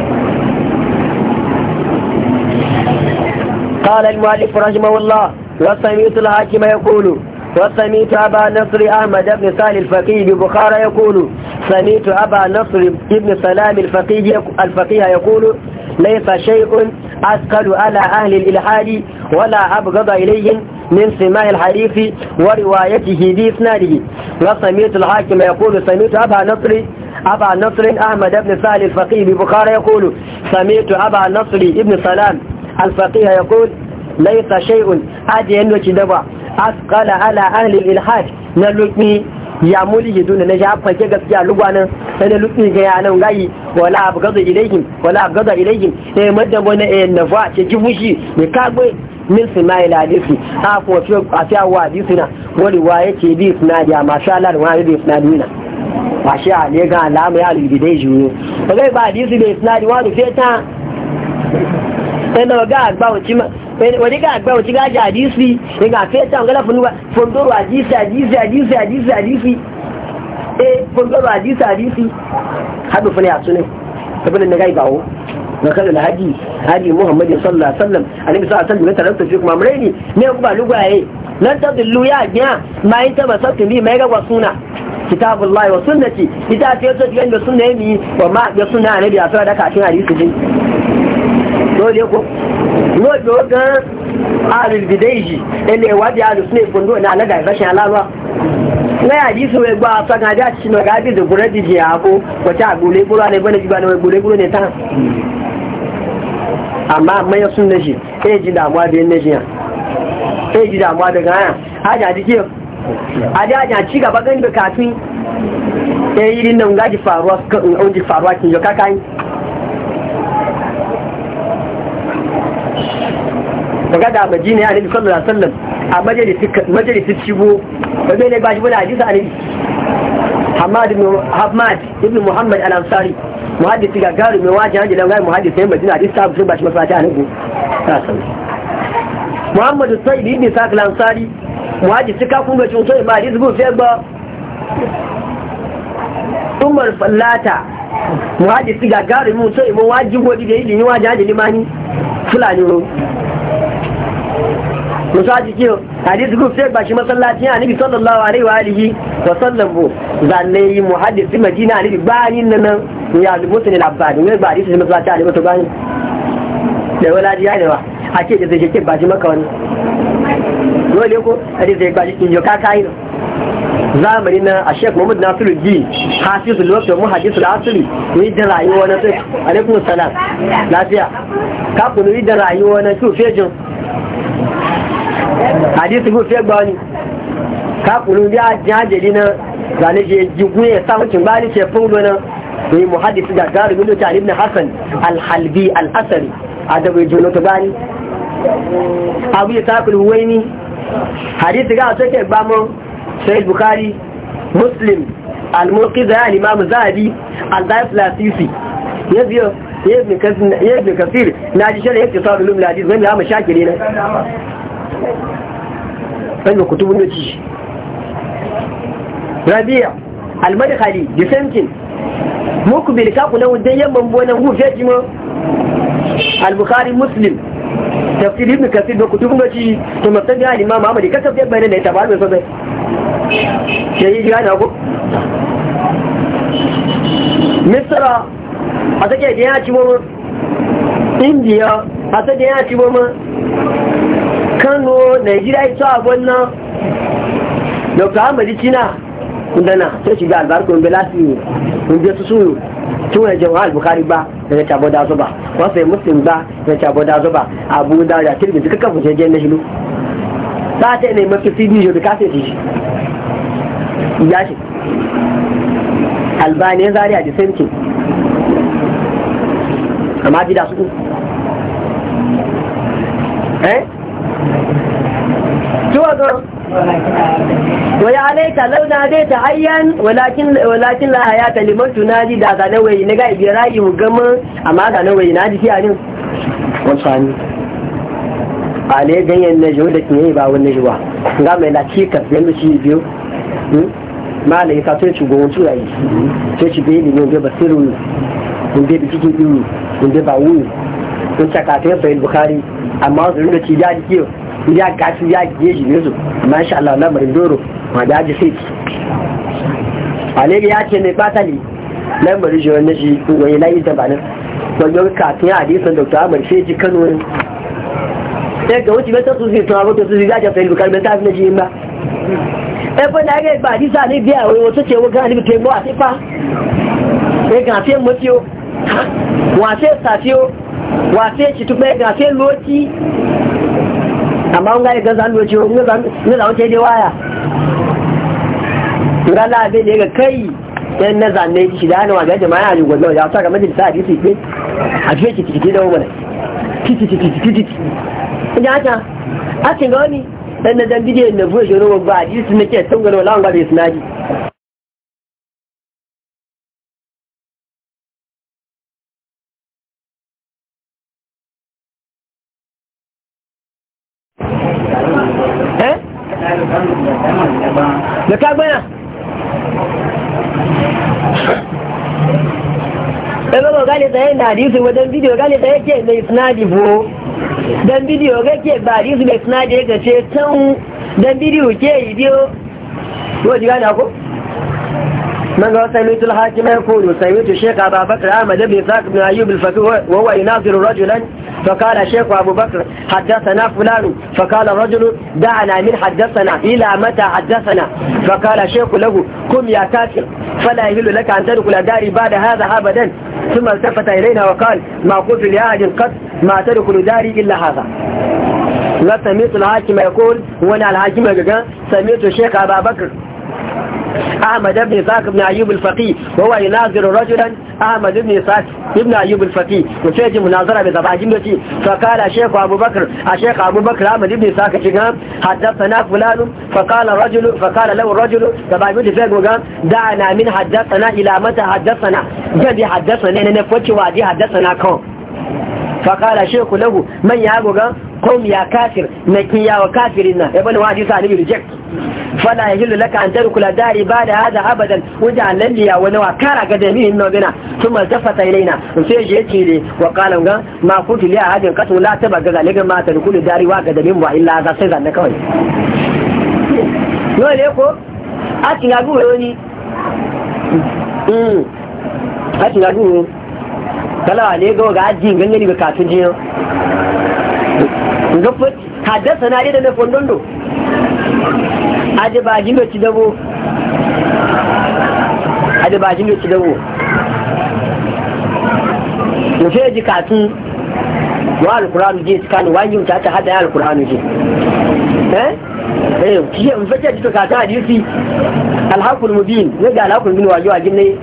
قال المؤلف رحمه الله وسمعت الحاكم يقول وسميت أبا نصر أحمد بن سالم الفقيه ببخارى يقول سميت أبا نصر بن سلام الفقيه, الفقيه يقول ليس شيء أثقل على أهل الإلحاد ولا أبغض إليهم من سماع الحديث وروايته بإسناده وسميت الحاكم يقول سميت أبا نصر أبا نصر أحمد بن سالم الفقيه ببخارى يقول سميت أبا نصر بن سلام الفقيه يقول laisa shay'un aje yando ci daba asqala ala ahli ilhad na lukmi ya muli duna na jafa ke gaskiya lugwanin sai na lukmi ga yanan gayi wala abgadu ilayhim wala abgadu ilayhim eh madda bona eh nafa ce jibushi ne kagbe min sinai ladisi ha ko fi a fi awa disina wani waye ce bi sinai ya masha Allah wa bi sinai na ba shi a ne ga alama ya lubidai juyo ba ba disi bai sinai wa rufe ta sai na ga agbawo wani ga agbẹ́ ji hadisi daga fesa ngala funuwa tí hadisi hadisi hadisi hadisi hadisi a sunan ibn nagai bawo وكان الهدي هدي محمد صلى الله عليه وسلم النبي صلى ba suna annabi a sura da kafin ìmọ̀ ìgbò gan àrùbìdé yìí ẹni ìwádìí àrùsùn èkó ní ọ̀nà alẹ́ dàgbẹ́sẹ̀ aláwọ̀ lẹ́yìn àdísù ẹgbà àtọ́gà àdí àṣìṣinà ọ̀gá àbí ìdògùnrẹ́ dìjì àkó pọ̀tí àgbòlé gbúrò alẹ́gbẹ́lẹ́ gbígbà ní ẹgbòlé gbúrò ní tán àmà mẹ́yọ́ sún lẹ́sì kéè jí dàmú àbí lẹ́sì yàn kéè jí dàmú àbí gan yàn àjà àdí kí àjà àti gàbá kàfin èyí nínú ǹgá a majina ya annabi sallallahu alaihi wasallam a majalisi majalisi shigo wajen ne ba shi wani hadisi annabi Hamad ibn Hamad ibn Muhammad al-Ansari muhaddisi gagaru mai wajen hajji langar muhaddisi yin madina hadisi sabu sun ba shi masallaci annabi ta sauri Muhammad Sayyid ibn Sa'd al-Ansari muhaddisi ka kun ga cin sai ma hadisi bu sai ba Umar Fallata muhaddisi gagaru mu sai mu wajin godi da yi ni wajen hajji limani fulani musaji ke hadisi group sai bashi masallacin annabi sallallahu alaihi wa alihi wa sallam bu zanne yi muhaddisi madina alibi bani nan ya musulmi labari ne ba hadisi masallaci annabi to bani da wala ji da ba a ce da zai ke bashi maka wani dole ko hadisi zai bashi kin joka kai zamani na a shek na nasiru ji hafizu lokacin mu hadisu da asiri yi da rayuwa na sai alaikun salam lafiya kafin yi da rayuwa na su fejin hadisi gu ka kulu bi kakulu ya ajeli na zane je jigun ya samun cin bali ke fun gona da yi muhaddisi da garu gudu ta ibn hassan alhalbi al'asari al da adabu jono to bani abu ya kulu waini hadisi ga take ba mu sai bukhari muslim al-mulki ya imam zahabi al-daif lasisi ya biyo ya ibn kasir na ji shari'a ya ke sa rulun ladis wani ya mu shakiri na sanya kutubu ne ci rabia almadkhali the same thing muku bil ka kula wajen yamman bonan hu feji ma al-bukhari muslim tafsir ibn kasir da kutubu ne ci to masabi al-imam ahmad ka tabbata bayanan da tabarin sa sai sai ji ana ko misra a take da ya ci mu indiya a take da ya ci mu kano nigeria ito abon nan dr ahmed china kundana tó ti gba àgbáríkò ń bẹ je ìwò ń bẹ tuntun rò tí wọn jẹun alùbùkárí gbá da tàbọ̀dá ba wọn yi muslim gbá ẹ̀rẹ̀ tàbọ̀dá azọ́bà àbúdá rẹ̀ àti ìrìbìtì kankan fòṣẹ jẹ́ mẹ́ṣinú sáàtẹ̀ ní mẹ́fì sí ní yorùbá kásẹ̀tì ìyá ṣe albani ẹ̀ zárí àti sẹ́ńtì àmọ́ àbídà sukù eh alaika launa dai ta ayyan walakin walakin la hayata liman tunaji da ga nawai ne ga ibirayi mu gama amma ga nawai na ji kiyanin wasani ale ganyen na jiwo da kinye ba wani jiwa ga mai la ci ka yanzu shi biyo malai ka to ci gonsu yayi to ci bai ne ne ba sirru inda da cikin dini inda ba wuni kun saka ta bai bukhari amma su rinka ci da kiyo ya gasu ya geji ne su masha Allah lamarin doro ma da ji sai alege ya ce mai batali lamarin shi wanda shi wani layi ta banin wajen kafin ya hadisan dr amur shi ji kano ne sai ga wuce mata su zai tuwa wata su zai gaja sai bukar mata na shi ba ebe na ga ba hadisa ne biya wai wata ce wa gani mutum ba sai fa sai gafe mutiyo wa sai safiyo wa sai ci tuɓe gafe loti amma nga ga zan doce nga zan nga zan ce dai waya nga na be ne ga kai dan na zan shi da na ga jama'a ne gwallo ya saka majin sa hadisi ne a ce ki ki da wannan ki ki ina ta a ce ga wani dan na dan bidiyon na buwa ba hadisi wala hadisi wa dan bidiyo gane da yake mai sinadi bo dan bidiyo gake ba hadisi mai sinadi yake ce can dan video ke video biyo ko ji gane ko من قال سميت الحاكم يقول سميت الشيخ أبا بكر أحمد بن ساق بن أيوب الفقيه وهو يناظر رجلا فقال الشيخ أبو بكر حدثنا فلان فقال الرجل دعنا من حدثنا إلى متى حدثنا فقال الشيخ له قم يا كافر فلا يهل لك أن تدخل داري بعد هذا أبدا ثم التفت إلينا وقال ما قلت لأحد قط ما تدخل داري إلا هذا لا سمعت الحاكم يقول وانا الحاكم يقول سمعت الشيخ أبا بكر أحمد بن إسحاق بن أيوب الفقي وهو يناظر رجلا أحمد بن إسحاق بن أيوب الفقي وفيجي مناظرة بزباجين بتي فقال الشيخ أبو بكر الشيخ أبو بكر أحمد بن إسحاق شنغام حدثنا فلان فقال رجل فقال له الرجل زباجين بتي فقام دعنا من حدثنا إلى متى حدثنا جدي حدثنا لأننا فوتي وادي حدثنا كون فقال الشيخ له من يا أبو kom ya kafir na kin ya wa kafirin na ibn wadi sa ni reject fa la ya jilla laka an tarku la dari bada hada abadan wuja lalliya wa kara ga da min no gina kuma zafata ilaina sai je yake ne wa kalan ga ma kutu liya ne ga ma ta da min wa illa za sai a kin ga go a kin ga go kala ne go ga ji ganga ni ga gafa haddasa na da na fondondo aje ba jin da ci dabo aje ba jin da ci dabo mu sai ji katun wa alqur'anu je tsakani wajin ta ta hada alqur'anu je eh eh ki mu fake ji katun hadisi alhaqul mubin ne ga alhaqul mubin waje waje ne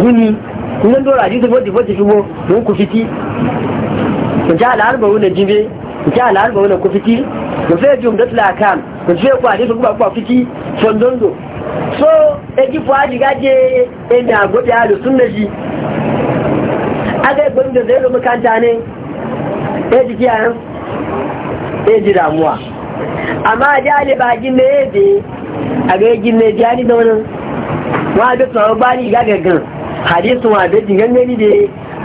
guni kun dora hadisi bodi bodi shugo mun ku fiti ja alharba wuna jibe nke ala harba wani ku fiki da fai jum da tlakan ku fai ku hadisi kuma ku fiki fondondo so egi fu haji gaje inda agwati halu sun da shi aga igbon da zai rumu kanta ne e jiki a e ji damuwa amma a jali ba gin da yabe a ga gin da jali da wani wa da tsawon bani gagagan hadisun wa da jingangani da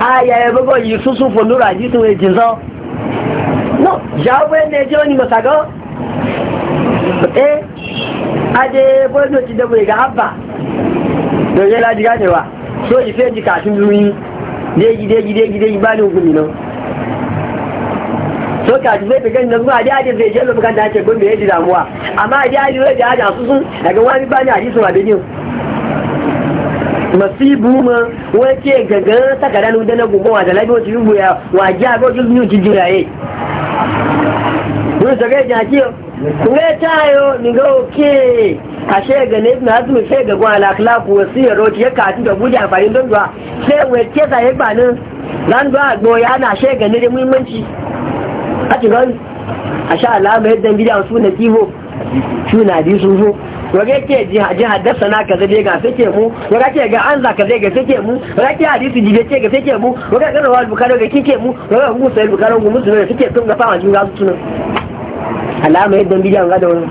a yaya bago yi susun fondoro hadisun ya jinzau no ya ne je ni masaga e, eh ade bai ti da ga abba to ya la diga ne wa so ife ji ka tun ruyi deji deji deji deji ba ni no so ka ji zai gani na zuwa adi adi zai je lokacin da ce gombe ya ji damuwa amma adi adi zai ji adi a susun daga wani ba ni hadisin wa bejin masibu ma wace gaga sakadan udana gugu wa da labi wata yubu ya wa ji a gojin yun Mun sage jakiyo, kun ga tayo ni ga oke ashe ga ne na azumi sai ga gwa alakhlaq wasiyar roti ya kati da buja amfani don duwa sai wai ke sa ya bani nan duwa go ya na ashe ne da muhimmanci a cikin asha Allah mai dan bidiyan su na kiho su na bi su zo wage ke ji haddasa na ka zai ga sai ke mu wage ke ga an za ka zai ga sai ke mu wage ke hadisi jibe ce ga sai ke mu wage ga rawal bukari ga kike mu waga ku sai bukari ku musulmi da suke tun ga fama jin ga su tunan alama yadda bidiyan ga da wani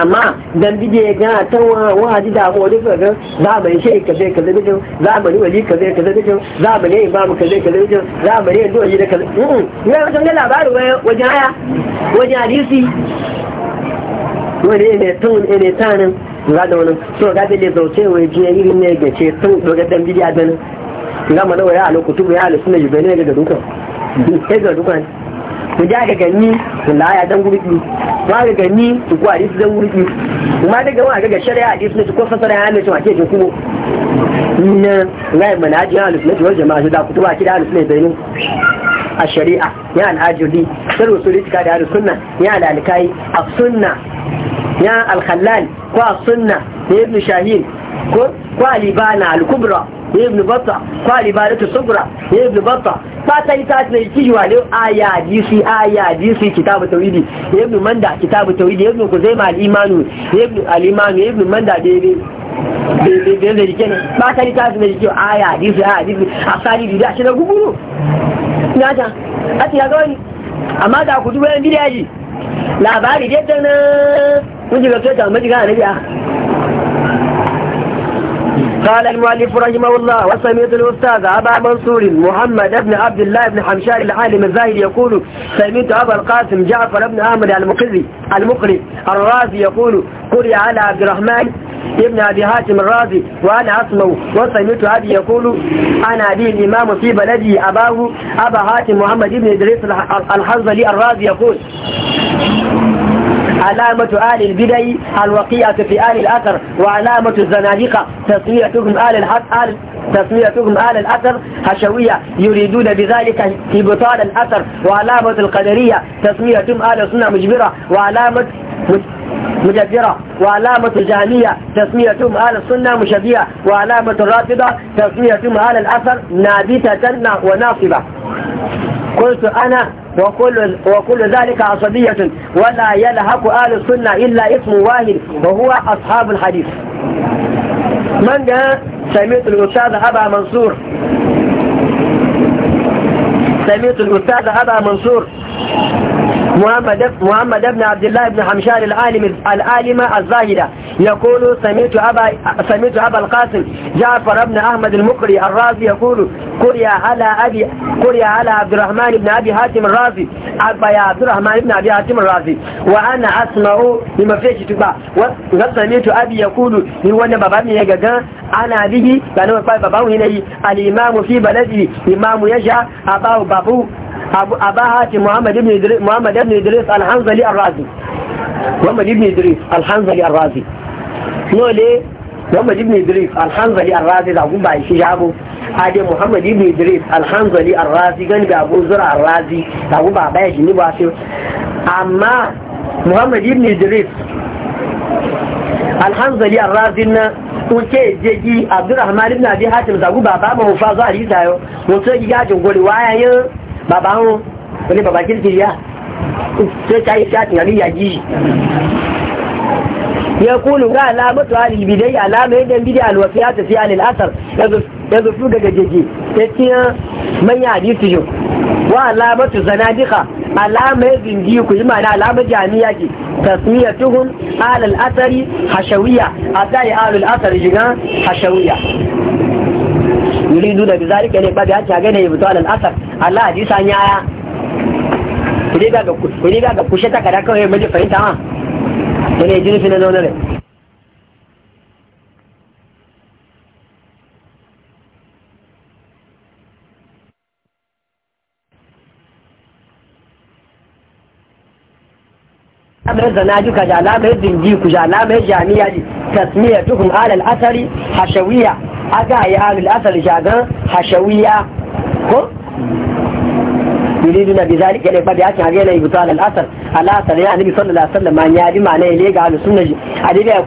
amma dan bije gana ta wahaji da mu wani kaga za mu yi shi kaze kaze bijin za mu yi wali kaze kaze bijin za mu yi imamu kaze kaze bijin za mu yi doji da kaze ne wajen ga labarin wajen aya wajen hadisi wani ne tun ene tanin ga da wani so ga da zauce wai jiya irin ne ga ce tun daga dan bidiya dan ga mana waya a lokutu ya alu sunna jube ne ga dukan sai ga dukan ku ja ga gani la ya dan gurbi ba ga gani ku ku hadisi dan gurbi kuma daga wa ga ga shari'a hadisi ne ko fasara ya ne to ake jin kuma ne ga mana manhajin alu sunna wal jama'a da kutuba kida alu sunna bayin a shari'a ya al'ajudi sai rusuli da alu sunna ya al'alkai a sunna ya al ko as-sunna da ibn shahin ko al kubra da ibn batta ko al ibn batta ta ta ki aya disi aya disi kitabu ibn manda kitabu ibn kuzaima al-imanu ibn al-imanu ibn manda dai da rike ne ba ta rika su rike a ya hadisi a sani shi na ya ta a ti ya amma da ku bidiyaji labari dai da na ji gaske ta ga قال المؤلف رحمه الله وسميت الأستاذ أبا منصور محمد بن عبد الله بن حمشار العالم الزاهد يقول سميت أبا القاسم جعفر بن أحمد المقري المقري الرازي يقول قرئ على عبد الرحمن ابن أبي هاشم الرازي وأنا أسمه وسمعت أبي يقول أنا أبي الإمام في بلدي أباه أبا هاشم محمد بن إدريس الحنظلي الرازي يقول علامة آل البدع الوقيعة في آل الأثر وعلامة الزنادقة تسميتهم آل الحق آل تسميتهم آل الأثر حشوية يريدون بذلك إبطال الأثر وعلامة القدرية تسميتهم آل السنة مجبرة وعلامة مجبرة وعلامة الجهمية تسميتهم أهل السنة مشبية وعلامة الرافضة تسميتهم أهل الأثر نابتة وناصبة قلت أنا وكل, وكل ذلك عصبية ولا يلهك أهل السنة إلا اسم واحد وهو أصحاب الحديث من جاء سميت الأستاذ أبا منصور سميت الأستاذ أبا منصور محمد محمد بن عبد الله بن حمشان العالم العالمة الزاهدة يقول سمعت أبا سمعت أبا القاسم جعفر بن أحمد المقري الرازي يقول قري على أبي قري على عبد الرحمن بن أبي حاتم الرازي أبا يا عبد الرحمن بن أبي حاتم الرازي وأنا أسمع لما فيش تبع وسمعت أبي يقول من وانا بابامي يجا أنا به لأنه بابامي الإمام في بلده إمام يجع أباه بابو أبا هاتم محمد بن إدريس محمد بن إدريس الحنظلي الرازي محمد بن إدريس الحنظلي الرازي شنو ليه محمد بن إدريس الحنظلي الرازي ده أقول بعد شيء جابه هذا محمد بن إدريس الحنظلي الرازي كان أبو زرع الرازي ده أقول بعد بعد شيء نبغى أما محمد بن إدريس alhanzali arrazin kuke jeji abdurrahman ibn abi hatim zagu baba mu fa zuwa rizayo mutum ya jin gori wayayin bàbá wọn ní bàbá kìrìkìrì yá tó ṣáyé ṣáàtì àbí yàjí ya kunu ga alamatu halil bidai alamai dan bidi alwafiya ta fi halil asar ya zufu daga jeje ya tiya manya hadisi yau wa alamatu zanadika alamai zingi ku yi mana alamar jami'a ke tasmiyatuhum alal asari hashawiya a tsaye alal asari shiga yuridu da bi kai ne babi hatta gane ya fito alal asar Allah hadisi an yaya ku dai ga ku dai ga kushe ta kada kawai mu fahimta ma to ne jini fi na zaune alamai zanajuka da alamai zindiku da alamai jami'a ji tasmiyar tukun alal asari hashawiya aga ya alal asari shagan hashawiya ko yuriduna bi zalika ne bada yakin hagena ibtal al asar al asar ya annabi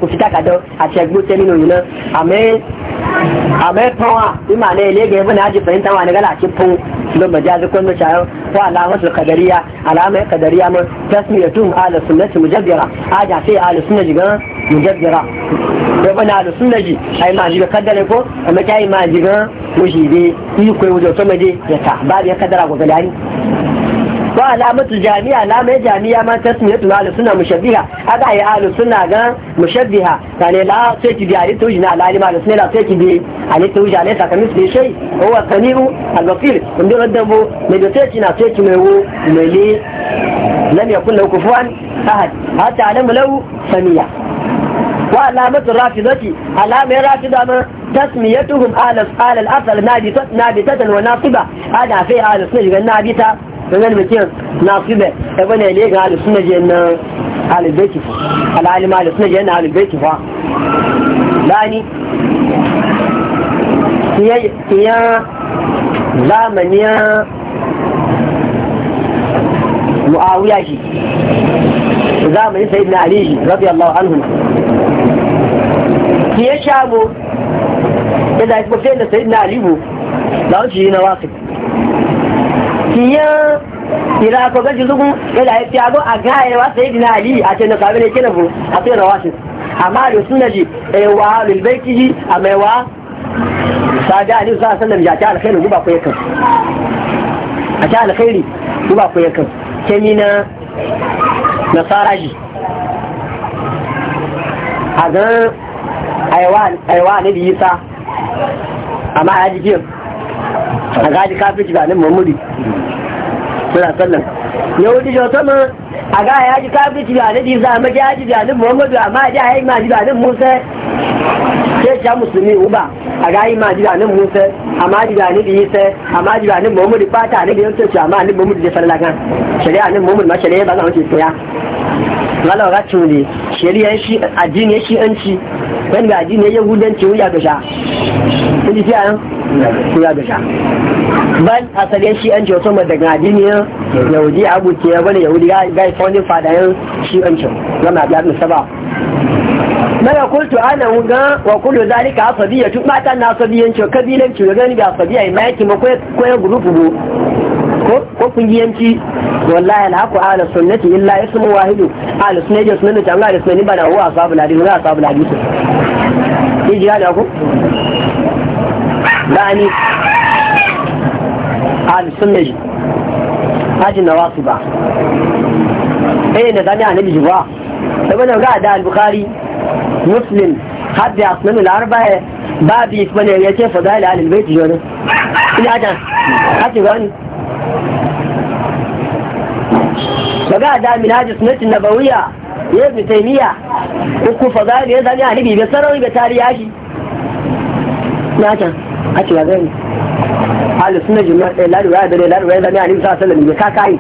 fita ka a shagbu sai mino yuna ame ame tawa ima ne ile ga ibn haji fahimta wa ne gala ki fu lo majazi kun mu chayo wa alamatul qadariya alamai qadariya mu tasmiyatun ahlus sunnati mujabbira aja sai ahlus sunna jiga ma jiga kaddare ko amma kai ma jiga mushi dai yi koyo da to ba ya kaddara wa alamatul jami'a la mai jami'a ma tasmiyatu ahlus sunna mushabbiha aga ya ahlus sunna ga mushabbiha yani la sai ki biya to jina la alima ahlus sunna la sai ki bi ali to jina la saka misli shay huwa samiu al-basir inda raddabu mai da sai ki na sai ki mai wo mai le lam yakun lahu kufuwan ahad hatta alamu lahu samia wa alamatul rafidati alama ya rafida ma تسميتهم آل الأصل نابتة وناصبة أنا في آل السنة نابتة ganin mutum na su da ebe ne ne ga alisun na jiyan nan alibaiti fa al'alima alisun na jiyan nan alibaiti fa lani iya zamaniya mu'awiya shi zamanin sayid na alihi radiyallahu anhu ki ya shago ya zafi mafi da sayid na yi na wasu kiyan ila ko gaji zugu ila ya tiago a gaye wa sai dina ali a ce na sabe ne kina bu a sai na washi amma da sunna ji e wa lil baiti a mai wa sada ali sallallahu alaihi wasallam ya ta alkhairi guba ko yakan a ta alkhairi guba ko yakan kemina nasara ji a ga aiwa aiwa ne bi isa amma a jikin a gaji kafin ci nan mamuri suna sallan ya yahudi jota ma a ga ya ji kafin kafirci ga nan isa ma ya ji ga mamuri muhammadu amma ya ji ma ji ga nan musa sai sha musulmi uba a ga yi ma ji ga nan musa amma ji ga nan isa amma ji ga nan muhammadu fata ne da yanzu amma nan mamuri da sallah kan shari'a nan muhammadu ma shari'a ba za mu ce tsaya wala ga tuni shari'a shi addini shi anci wanda addini ya yahudanci wuya ga sha sai ji fiyan sai ya gasha ban asalin shi an jiyo sama daga adiniyar yahudi abu ke wani bane yahudi ga yi founding fadayen shi an ciyo zama biya ɗin saba mana kultu ana wuga wa kullu zalika asabiya tun mata na asabiyan ciyo kabilan ciyo gani da asabiya ma yake ma koyar gurupu ko kungiyanci wallahi alhaqu ala sunnati illa ismu wahidu ala sunnati sunnati Allah da sunnati bana huwa ashabul hadith la ashabul hadith ji ya da ku tsakani ahli sunna ji haji na wasu ba ɗaya da zami annabi ji ba da wani ga da al-bukhari muslim hadda asnanul arba'a babu ismani ya ce fa zai lalil bai jiyo ne ina ajan haji gani daga da min minhajus na nabawiyya ya ibn taymiya uku fa zai ya zami annabi bai sarari, bai tarihi ina ajan a ce ya zai ahalus sunna jin mai lalu ya bane lalu ya zami alim ya kakai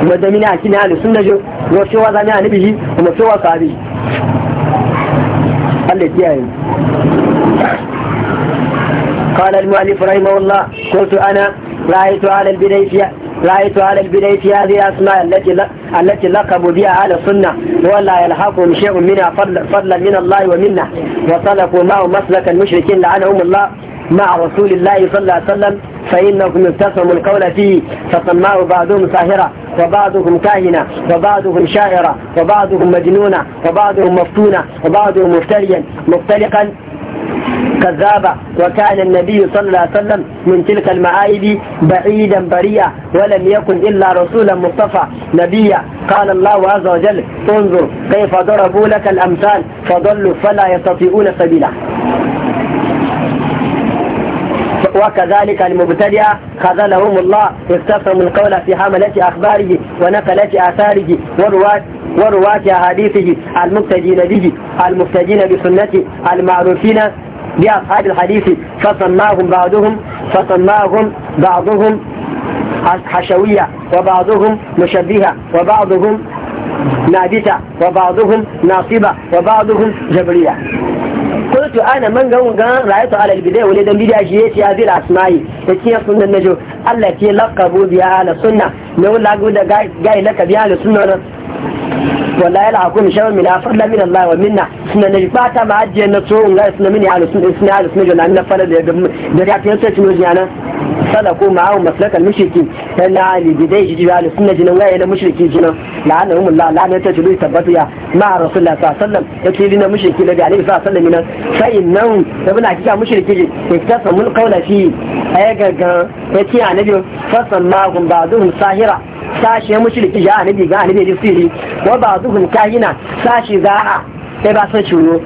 kuma kuma cewa zami alim bihi kuma cewa sahabi Allah ya kiyaye قال المؤلف رحمه الله قلت انا رايت على البداية رايت على البداية في هذه الاسماء التي التي لقبوا بها اهل السنه ولا يلحقهم شيء منها فضلا من الله ومنا وسلكوا معه مسلك المشركين لعنهم الله مع رسول الله صلى الله عليه وسلم فإنهم ابتسموا القول فيه فسماه بعضهم ساهرة وبعضهم كاهنة وبعضهم شاعرة وبعضهم مجنونة وبعضهم مفتونة وبعضهم مفتريا مفتلقا كذابة وكان النبي صلى الله عليه وسلم من تلك المعايب بعيدا بريئا ولم يكن إلا رسولا مصطفى نبيا قال الله عز وجل انظر كيف ضربوا لك الأمثال فضلوا فلا يستطيعون سبيلا وكذلك المبتدع خذلهم الله استفهم القول في حملة أخباره ونقلة آثاره ورواة ورواة أحاديثه المبتدين به المبتدين بسنته المعروفين بأصحاب الحديث فصماهم بعضهم فسماهم بعضهم حشوية وبعضهم مشبهة وبعضهم نابتة وبعضهم ناصبة وبعضهم جبرية kultu ana mangan ga rayatu ala albidaya wale dan bidaya shi yace ya bil asma'i da kiya sunnan najo Allah ya laqabu bi ala sunna ne wala gudu ga ga laqabi ala sunna wala ya la'akun shawar mina fadla min Allah wa minna suna na ba ta ma ajiye na tsohon ga suna mini alu suna suna alu suna jona mina fadla da da ya fiye sai cinu jiyana sadaku ma'ahu maslakal mushriki na ali bidai jiji alu suna jinan waye na mushriki jinan la'anahum Allah la'ana ta tulu tabbatu ya ma rasulullah sallallahu alaihi wasallam yake dina mushriki da ali sallallahu alaihi wasallam fa innahu da bana kika mushriki ji iktasamul qawla fi ay gaga yace annabi fasamma hum ba'dhum sahira sashe mushriki ja annabi ga annabi sirri wa ba'dhum zuhun kayina sashi a, sai ba son ciro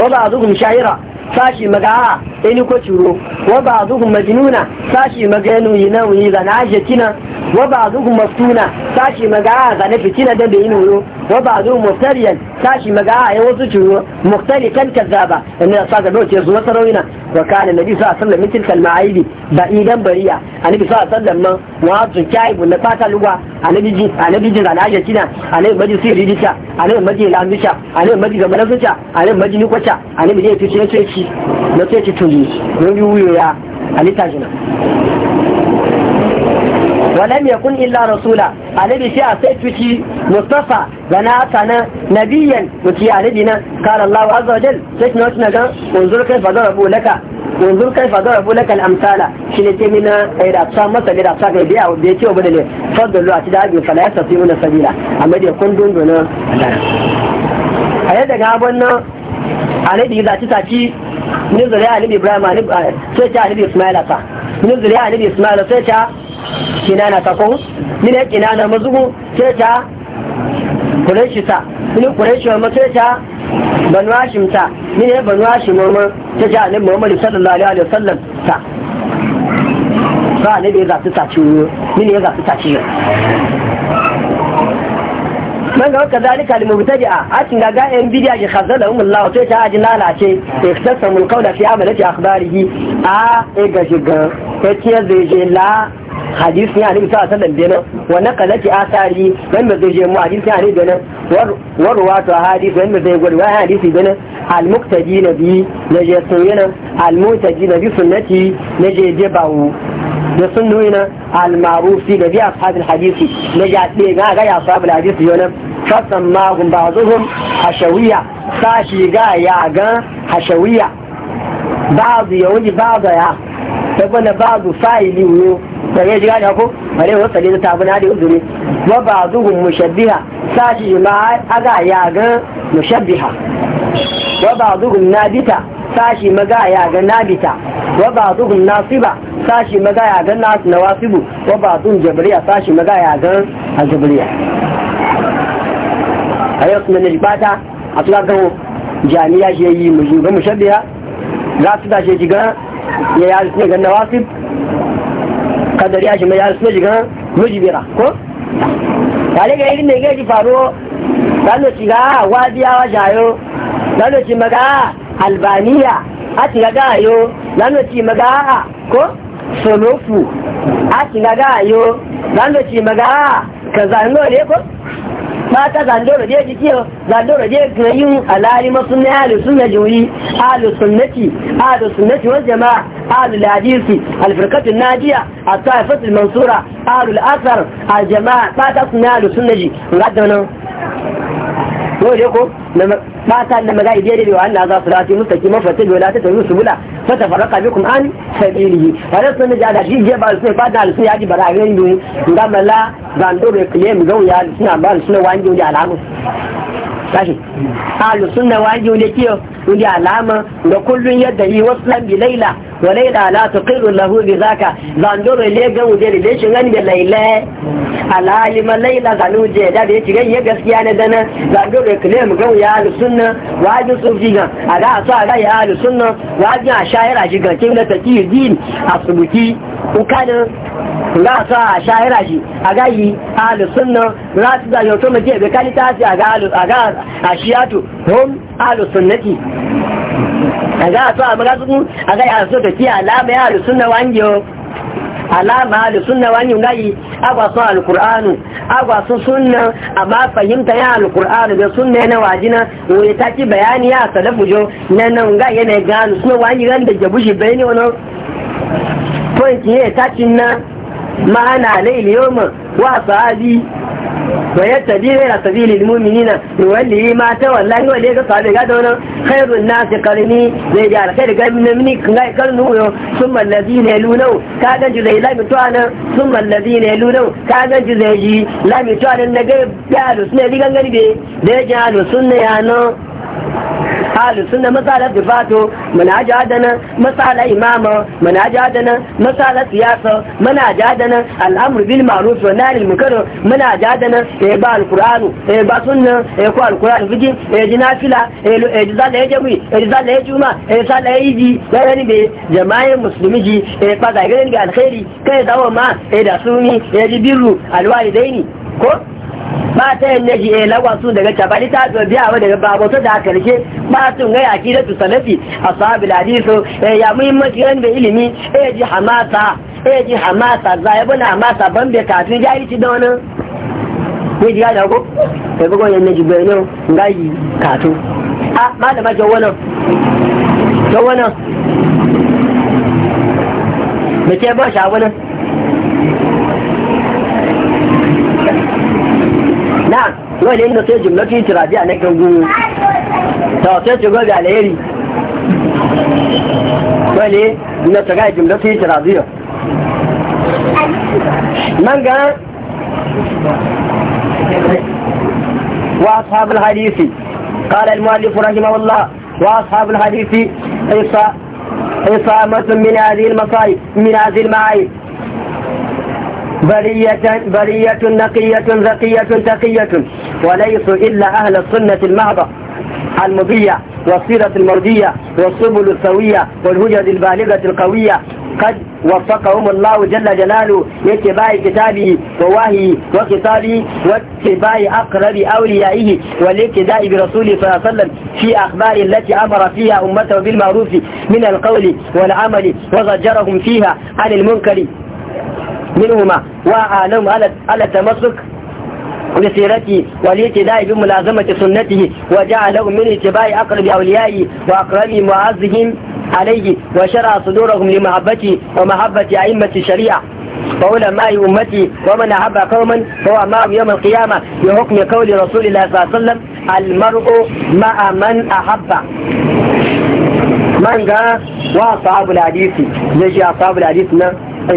wa ba zuhun shayira sashi maga'a ni ko ciro wa ba zuhun majinuna sashi maganu yi nauyi da na ajiyar kinan wa ba zuhu masuna sashi maga a zane fitina da bai nuno wa ba zuhu muftariyan sashi maga a yi wasu ciro muftari kan kazzaba inda sa ga ce su wata rauna wa kana nabi sa sallam min tilkal ma'aibi da idan bariya annabi sa sallam man wa zu kai bu na fata lugwa annabi ji annabi ji zana ya kina annabi maji sirri dita annabi maji lamisha annabi maji ga malazuca annabi maji ni kwacha annabi ne tuce tuce na tuce tuni ne yuyo ya alita jina ولم يكن إلا رسولا الذي شاء سيتوشي مصطفى لنا نبيا وكي علينا قال الله عز وجل سيتنا وشنا انظر كيف ضربوا لك yanzu kai fa zara bula kal amsala shi ne kemi na eh, da sa masa da sa kai biya da yake obin ne fadlu a tida bi fala yasa fi una sabila amma da kun dundu na a yadda ga wannan alidi da ci taki ni zuriya ali ibrahim eh, kinana kako min ne kinana mazugu sai ta kureshi ta min kureshi ma ta banu hashim ta min ne banu hashim ma sai ta annabi muhammadu sallallahu alaihi sallam ta ba ne da zaci ta ciwo min ne zaci ta ciwo man ga kazalika lil mubtadi'a akin ga ga yan bidiya ji khazala um Allah to ta ajin lalace iktasamu al qawla fi amalati akhbarihi a e ga ta e ce hadisi ya nabi sallallahu alaihi wasallam wa naqalati asari dan da zai je mu hadisi ya nabi bena wa ruwatu hadisi dan da zai gwada wa hadisi bena al muqtadi nabi na je sunnah al muqtadi nabi sunnati na je je bawo da sunnoyina al ma'rufi da bi ashab al hadisi na ja de ga ga ya ashab al hadisi yana fasan ma gum ba'dhum hashawiya sashi ga ya ga hashawiya بعض يوجد بعض يا ta bana ba su fa'ili wo da ya jira da ku bare wasu sale da bana da uzuri wa ba zu hum mushabbiha sashi ma aga ya ga mushabbiha wa ba zu hum nabita sashi maga ya ga nabita wa ba su hun nasiba sashi maga ya ga nas nawasibu wa ba zu jabriya sashi maga ya ga jabriya ayo kuma ne bata a tuka gawo jami'a shi ya yi mu ga mushabbiha za su da je jiga ya yi alfiya ga nawasib kadari a shi mai alfiya shiga mujibira ko tare ga irin mai gaji faro zano shiga wadiyawa jayo zano shi maga albaniya a shiga gayo zano shi maga ko solofu a shiga gayo zano shi maga kaza ne ko mata zandoro je jiki zandoro je gayin alali masunni ahlu sunna juyi ahlu sunnati ahlu sunnati wal jamaa ahlu hadisi al firqatu najiya al taifatu al mansura ahlu al athar al jamaa mata sunna ahlu sunna ngadda nan ko je ko bata da maza idiyar da Allah za su rafi musu kima fata da wadata ta musu bula fata faraka bikum an sabilihi wannan sun da da shi je ba su ba da su yaji bara ga yin ga mala zando da kiyem ga ya suna ba su na wani da alamu tashi ahlu sunna wani ne kiyo wani alama da kullun yadda yi waslan bi laila wa laila la tuqiru lahu bi zaka zando da le ga wuje da shi ngani da laila alhalima laila zanuje da da ya gaskiya na dana zando da kiyem ga ya ahli sunna wajin sufi ga a ga so a ga ya ahli sunna wajin a shayara shi gan kin da taki din a subuki in kada ga so a shayara shi a ga yi ahli sunna za su da yoto mace be kalita a ga a ga a shiyatu hum ahli sunnati a ga so a maga su a ga ya so da ki alama ya ahli sunna wangiyo alama da suna wani ngai agwa sun alqur'anu agwa sun sunna fahimta ya alkur'anu da suna na wajina wani ta ki bayani ya salafu jo na nan ga yana gano suna wani ran da jabushi bayani wani point ne ta ki na ma'ana yau ma wa sahabi wa yattabi ila sabili almu'minina yuwalli ma tawallahi wa lega sabe ga dono khairun nasi qarni zai da alkhair ga min mini kai karnu yo thumma alladhina yalunau ka ga julai la mi tuana thumma alladhina yalunau ka ga julai ji la mi tuana ne ga ya lu sunne digan gani be da ya lu sunne ya no ahalu suna matsala difato muna jadana imama muna jadana matsala siyasa muna jadana al'amur bil ma'ruf wa nahi munkar muna jadana eh ba alqur'anu eh ba sunna eh ko alqur'anu fiji eh jinafila eh zalla eh zalla eh, eh, eh, juma da ni kai dawo ma da ko ba ta yin naji eh lagwa sun daga cabali ta zo biya wa daga babu ta da karshe ba sun ga yaki da salafi da hadisu eh ya muhimmanci ran da ilimi e ji hamasa e ji hamasa za ya bana hamasa ban bai kafin ya yi da wani ne ji da ko ya bugo yan naji bai ne ngai kato a malama jawana jawana me ke ba shawana wani inda sai jimlatu yi tirabi a nakan gudu ta sai shigo ga alheri wani inda ta gaya jimlatu yi tirabi yau nan ga واصحاب الحديث قال المؤلف رحمه الله واصحاب الحديث عصامة من هذه المصائب من هذه المعايب برية برية نقية ذقية تقية وليسوا إلا أهل السنة المهضة المضية والسيرة المرضية والسبل السوية والهجد البالغة القوية قد وفقهم الله جل جلاله لاتباع كتابه ووهيه وخطابه واتباع أقرب أوليائه والاقتداء برسوله صلى الله عليه وسلم في أخبار التي أمر فيها أمته بالمعروف من القول والعمل وزجرهم فيها عن المنكر منهما وأعلم على التمسك بسيرته والاتداء بملازمة سنته وجعله من اتباع أقرب أوليائه وأقرب معزهم عليه وشرع صدورهم لمحبته ومحبة أئمة الشريعة وعلماء أمتي ومن أحب قوما هو معهم يوم القيامة بحكم قول رسول الله صلى الله عليه وسلم المرء مع من أحب من قال وأصحاب الحديث ليش أصحاب الحديث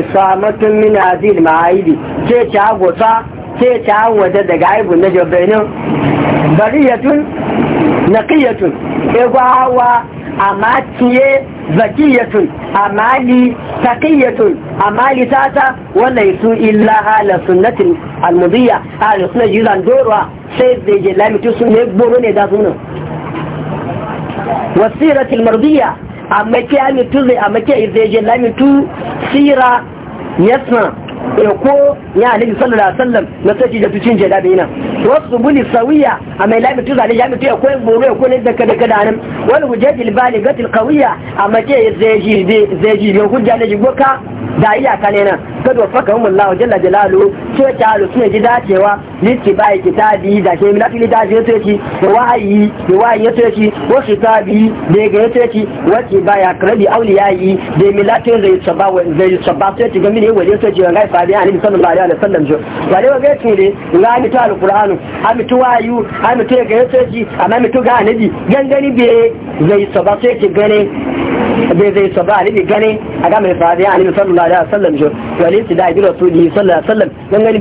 isamatun min azil ma'aibi ce ta gota ce ta wada daga aibu na jabainin bariyatun naqiyatun egwawa amatiye zakiyatun amali taqiyatun amali tata wannan su illa hala sunnatin almudiyya hala sunna jizan dorwa sai da jelami tu sun ne gboro ne da sunan wasiratil mardiya amma ke ami tu zai amma ke izai je lamitu sira yasna ya eh, ko ya alaihi sallallahu alaihi wasallam na sai da tucin jada da ina wasu buli sawiya a mai lami tuza da jami ya ko yin boro ko ne da kada kada nan wani hujjatil baligatil qawiya a mace zai ji zai ji hujja da jigoka da ka ne nan kada faka mun Allah jalla jalalu sai ta alu suna ji dacewa litti bai kitabi da ke mina fili da je ya ci da wahayi da wahayi sai ci wasu bi da ga ya ci wace baya krabi auliyayi da milatu zai sabba zai sabba sai ci ga mini wale sai ci ga sabi annabi sallallahu alaihi wasallam jo wale wa gaci ne ga mi to alqur'anu ami to wayu ami to ga yace ji amma mi ga annabi gangani be zai sabace ki gane zai zai sa ba alibi gane a ga mai fadiya a nemi sallallahu alaihi wasallam jo wani su da ibi rasuli sallallahu alaihi wasallam don gani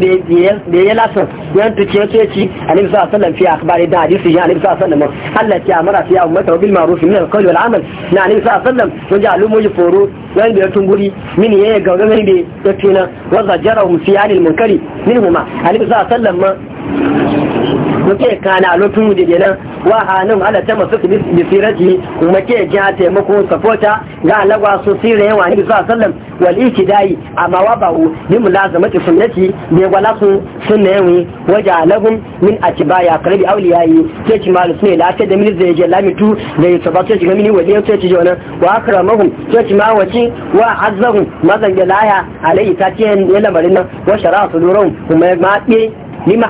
da ya lasa yan tuce ya ci a nemi sallallahu alaihi fi akbari da hadisi ya nemi sallallahu alaihi wasallam Allah ya amara fi ya ummata bil ma'ruf min al-qawl wal amal na nemi sallallahu alaihi wasallam sun ji alumu ji foro yan da ya tunguri min ya ga gani da ya tuna wa zajarahum fi anil munkari minhuma a nemi sallallahu alaihi wasallam muke kana lutun da nan wa hanum ala ta masu bi sirati kuma ke ja taimako sapota ga lagwa su sire yawa ni sa sallam wal ikidai amma wa bahu ni mulazamati sunnati ne wala su sunnawi waja lahum min atibaya qalbi awliyai ke ci malu sunne la ta da min zai je lamitu da ya sabata shiga mini wani ta ci jona wa akramahum ke ci ma wace wa azzahum mazan galaya alai ta ce ne lamarin nan wa shara'a durum kuma ma ke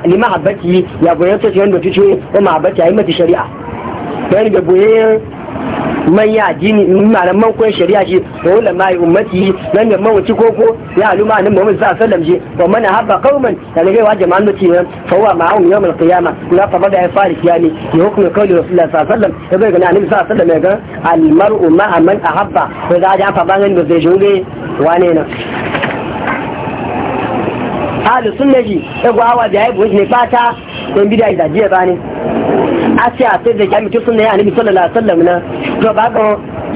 ni mahabbati ya goyon ta cikin ta ce ko mahabbati ya yi mata shari'a bayan da goyon manya addini malam man koyon shari'a shi wa wala mai ummati nan da mawuci koko ya ma nan Muhammad sallallahu alaihi wasallam je wa man habba qauman da ne wa jama'an mutum ne fa huwa ma'ahum yawm al-qiyama la fa bada ya fari kiyami ya hukuma qawli rasulullah sallallahu alaihi wasallam ya bai gani annabi sallallahu alaihi wasallam ya ga al-mar'u ma'a man ahabba ko da fa bangan da zai jure hali sun ji ego awa da ya yi yayi ne fata don bida da ba ne a ce a sai da jami to sunna ya annabi sallallahu alaihi na to ba ko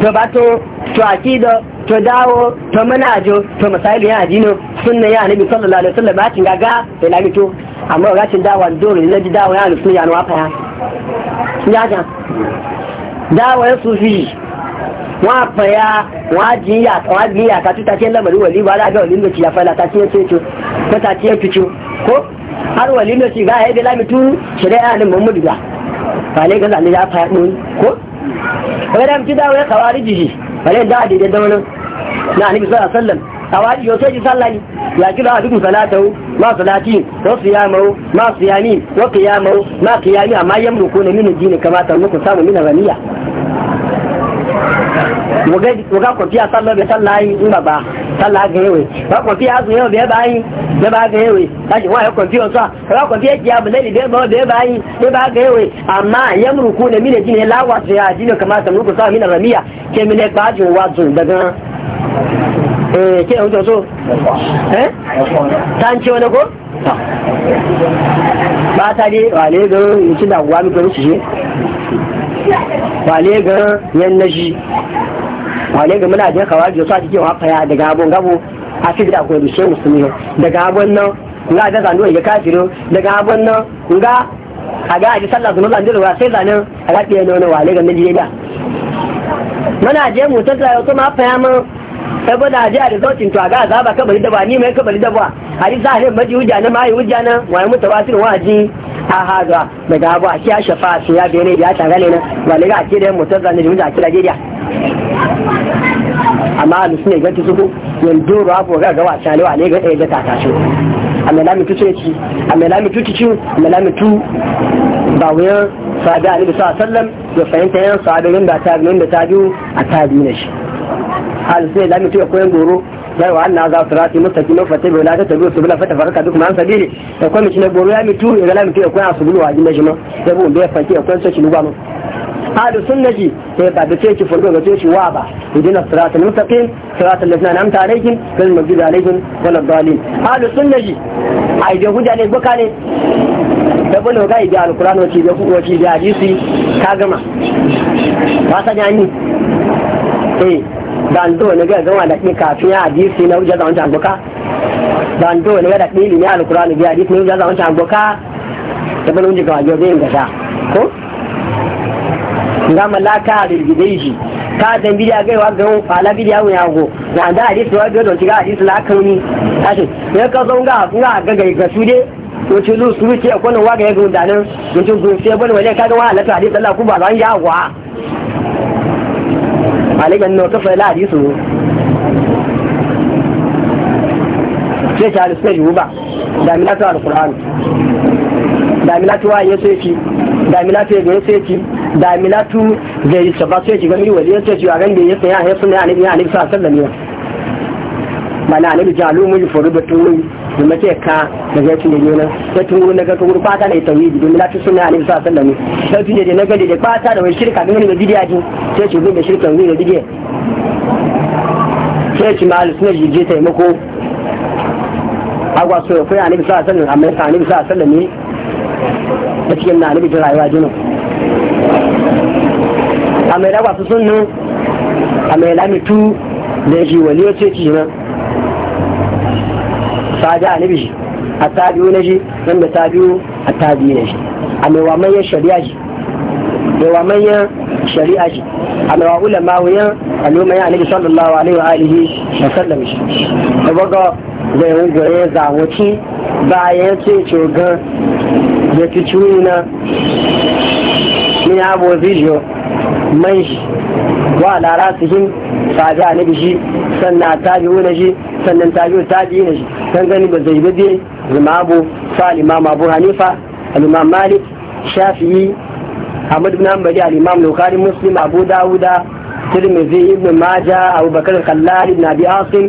to ba to to a ki da to dawo to mana ajo to masailu ya adino sunna ya annabi sallallahu alaihi wasallam ba cin gaga da e lami to amma ga cin dawa dole ne ji dawa ya ahlu sunna ya no apa ya ya dawa ya sufi wọ́n àpẹ̀yà wọ́n àjíyà wọ́n àgbéyà kàtú tàtí ẹlẹ́mọ̀lú wẹ̀lú ìwà aláàbẹ̀ òní lòtì àfẹ́lá tàtí ẹ̀tù ètò ta tàtí ẹ̀tù tó ko har wẹ̀lú lòtì ìgbà ẹ̀dẹ̀ lámì tú ṣẹlẹ̀ àní mọ̀mọ́dù gbà fàlẹ́ gánà lè yàpá ẹ̀kún kó. ọ̀gá dàbí tí dáwọ́ ẹ̀ kàwárí jìjì fàlẹ́ dá àdìdẹ dánwó náà níbi sọ́ra sọ́lẹ̀m àwárí yóò tẹ́jì sálà ni yàkílọ̀ àdúkù sàlátàwó máa sàlátì wọ́n a yá mọ́ máa sì yá ní wọ́n kì yá mọ́ máa kì yá ní àmáyẹ́mù kó nínú jíni kamata mú kò mina nínú wọ́gá kọ̀fí àtàlọ́bẹ̀ sálàáyí ń bàbá sálàágẹ̀ẹ́wẹ̀ wọ́n kọ̀fí àzùnyẹ̀wò bẹ́ẹ̀ báyìí bẹ́ẹ̀ bá gẹ̀ẹ́wẹ̀ láti wọ́n ayọ́ kọ̀fí ọ̀tọ́ wọ́n kọ̀fí ẹ̀jẹ̀ abùlẹ́lì bẹ́ẹ̀ bọ́ bẹ́ẹ̀ báyìí bẹ́ẹ̀ bá gẹ̀ẹ́wẹ̀ àmà yẹ́mùrùkú ní mílẹ̀ jí ni láwà sí àdínà kàmá wa dùn gbẹ̀gán eh ke hoto so eh tan ce wani ba ta dai wale ga yi ci da wa mi shi wale ga yan naji wale ga muna jin kawai su a cikin wafa ya daga abun gabo a fi da akwai rushe musulmi daga abun nan nga da zanuwa ya kafiru daga abun nan nga a ga ji sallah zunuba zan ruwa sai zanen a ga ɗaya nuna wale ga naji da muna je mu tattara yau kuma faya mun sai da aji a rizautin to a ga azaba kabari da ba ni mai kabari da ba a ne maji hujja na yi mutu na waye mutawatir waji a haza daga abu a kiya shafa su ya bene ya gane nan ba ne ga yin mutum zane da ake da gida amma a musulmi ganti suku yanzu ruwa ko ga gawa shale wa ne ga ɗaya ga tatashe a mai lami tuce ci a mai lami tuci ci a mai lami tu ba wuyan sahabi a nabi sallam ya fahimta yin sahabi da da ta biyu a ta biyu na shi a musulmi lami ya koyan goro bai wa Allah za su rati mustaqima fa bai la tabi su bila fata faraka duk man sabili da kuma shi na goro ya mitu ya gala mitu ya kuna su bulu da shi ma ya bu bai fanki ya kun so shi lugwa mu ahlu sunnati sai ba da ce furgo ga ce wa ba idina siratal mustaqim siratal ladzina an'amta alaihim ghayr maghdubi alaihim walad hadu ahlu sunnati ai da hujja ne baka ne da bulu ga ida alquran wace da wace da hadisi ka gama ba sa ni eh danto ne ga gama da ke kafin ya hadisi na hujja zaman boka danto ne ga da ɗili ne alkurani ga hadisi na hujja zaman goka da bana hujja ga yau zai gasa ko ga malaka da gideji ka dan bidiya ga wa gan fala bidiya mu yago na da hadisi wa ga don shiga hadisi la kauni ashe ne ka zo ga ga ga ga ga su de to ci lu su ce akwai wa ga ya gudanar to ci gun sai bane wale ka ga wa ta hadisi Allah ku ba zan yago aligan no kafa lahadi su sai ta hadisu ne ba da milatu alquran da milatu wa yeso yake da ta ga yeso yake da ta ga yeso ba sai ki ga mi wali yeso a ran da yeso ya hesu ne annabi annabi sallallahu alaihi wasallam mana ne jalu mun mu foru da tun da mace ka da ga tun ne nan da tun ne ga kuma ta ne tawhid da mila tun sunna ne sallallahu alaihi wasallam sai tun ne na ga da ta da wani shirka ga ne bidiya ji sai ce da shirka ne bidiya sai ce mal sunna ji je mako agwa so fa annabi sallallahu alaihi wasallam amma annabi sallallahu alaihi wasallam ne da cikin na ne da rayuwa jinin amma da wasu su sunnu amma ya lami tu da shi waliyo ce ci nan saja annabi shi a tabiyu na shi nan da tabiyu a tabiyu na shi a mai wa manyan shari'a shi mai wa manyan shari'a shi a mai wa ulama wuyan al'ummai annabi sallallahu alaihi wa alihi wa sallam shi da baga zai hungoye zawoci bayan ce cogan da fi cuni na ya abu zijiyo man shi wa lara su hin a annabi shi sannan tabiyu na shi sannan ta ta dina shi kan gani ba zai bade zama abu fa al-imam abu hanifa al-imam malik shafi'i ahmad ibn hanbali al-imam bukhari muslim abu dawuda tirmidhi ibn majah abu bakr khallal ibn abi asim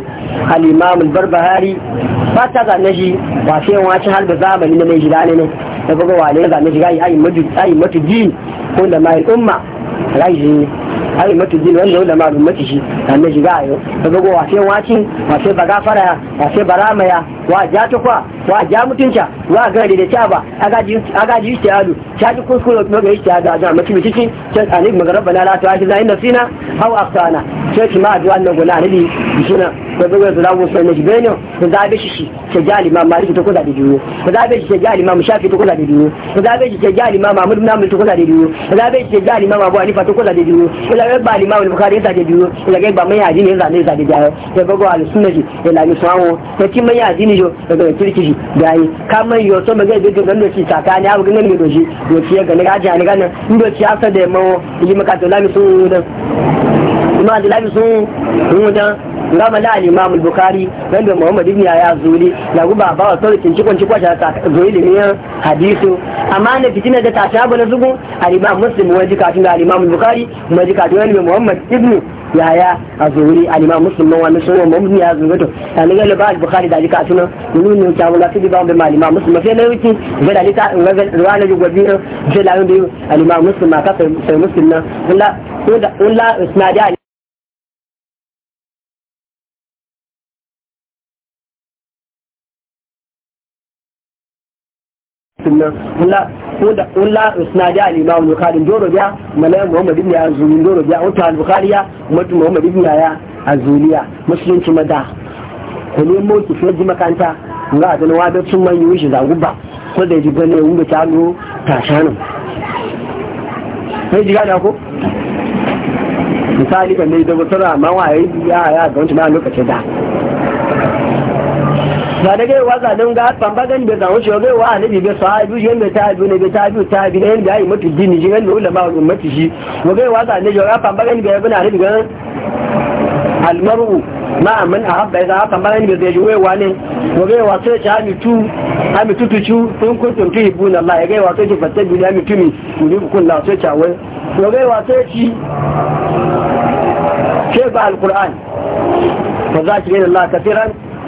al-imam al-barbahari ba ta ga naji ba sai ci halba zamani ne mai jira ne da gogo wale ga naji ga ai madu ai matu ko da mai umma rai ai mata jin wanda wanda malum mata shi dan ne shiga ga kaga go washe waci washe baga fara washe barama ya wa ja ta kwa wa ja mutunta wa ga da ta ba aga ji ta yadu ta ji kuskure kuma ga ta yadu a ga mutum ciki ta tsani magaraba na lati wa zai nafsina aw aftana ta ki ma addu'a nan gona ne suna ko ga da zawo sai ne bene ko da be shi shi ta ja limam maliki ta kula da duniya ko da be shi ta ja limam shafi ta kula da duniya ko da be shi ta ji alima mahmud bin amr ta kula da duniya ko da be shi ta ja limam abu hanifa ta kula da duniya ko da ba alima limam bukhari ta da duniya ko da ba mai hadini ne zane zane da ya ko ga al-sunnah ila misawo ta ki mai hadini kijo daga kirkiji gayi kamar yo so maga da gaban da shi ne abu ganin mai doshi yo ciye ga ga jani ga nan ndo ci asa da mawo yi maka to lami su da kuma da lami su mu da ngama la al bukhari da muhammad ibn yaya zuli la guba ba wa sarkin cikon cikon ta zuri da hadisu amma na fitina da ta shaba na zugu al-imam muslim wa jikatun al-imam bukari bukhari ma da muhammad ibn yaya a zuri a muslim man wani sunan mamuni ya zuri to ta ni galo ba al-bukhari da jika suna nunu ne ta wala tudi ba ma alima muslim sai na yi yuki zai da lita ruwa na biyu sai da yundi alima muslim ma ka sai muslim na kula kula hadisin nan wula usnadi al-imam bukhari doro biya malai muhammad ibn azumi doro biya wata al-bukhari ya mutu muhammad ko ne makanta adana wadar sun yi ta sai ji gane ko misali kan da waye ya ya ga wancan lokacin da ba da gaiwa zanen ga haifan ba gani bai zamu shiga gaiwa a nabi bai biyu yan ta biyu ne bai ta tabi ne yanda yi mutu dini shi yanda ulama a ummati shi wa gaiwa zanen ga haifan ba gani bai na nabi ga almaru ma man ahabba idan haifan ba gani bai zai wa ne wa gaiwa sai ta mitu amitu tuchu sun kuntum tuhibuna Allah ya gaiwa sai ki fattabi da mitumi yuribukun la sai ta wai wa gaiwa sai ki ke ba al'kur'an alquran fa zakirina Allah kafiran ba wabe kira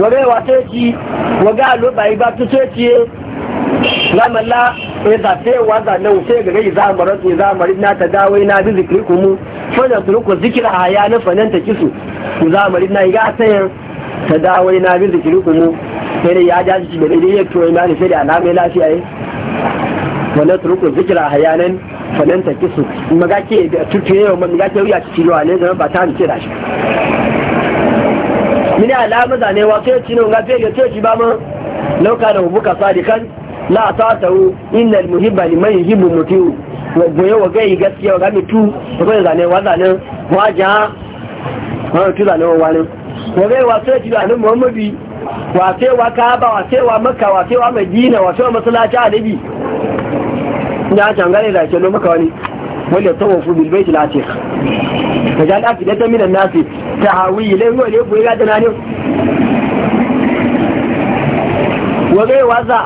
wage wata yake wage yi ba ta ce ce lamalla ya e zafe wa zane wuce ga gai zamarar za zamarin na ta dawo na bi zikiri kumu fana turuku zikir a haya na fanan ta kisu ku zamarin na ga sayan ta dawo na bi zikiri kumu sai ya ja shi da daidai ya tuwa na ne sai da alamai lafiya yi fana turuku zikira a haya nan falanta kisu maga ke da tutuye yau maga ke wuya ci cirewa ne zama ba ta hanci da shi mini alama zane wa sai ci ne ga fege ce ci ba ma lauka da hubuka sadikan la ta ta tawo innal muhibba liman yuhibbu mutiu wa goye wa gai gaskiya ga mitu ko ne zane wa zane wa ja ha tu zane wa wani ko gai wa sai ci da nan muhammadi wa sai wa kaaba wa sai wa makka wa sai wa madina wa sai wa masallaci annabi ya cangare da ke lomuka wani wanda ta bilbe ki tilatik ka ja al'afi da ta minan nasi ta hawi ilai wani ya buye gada nani wagai waza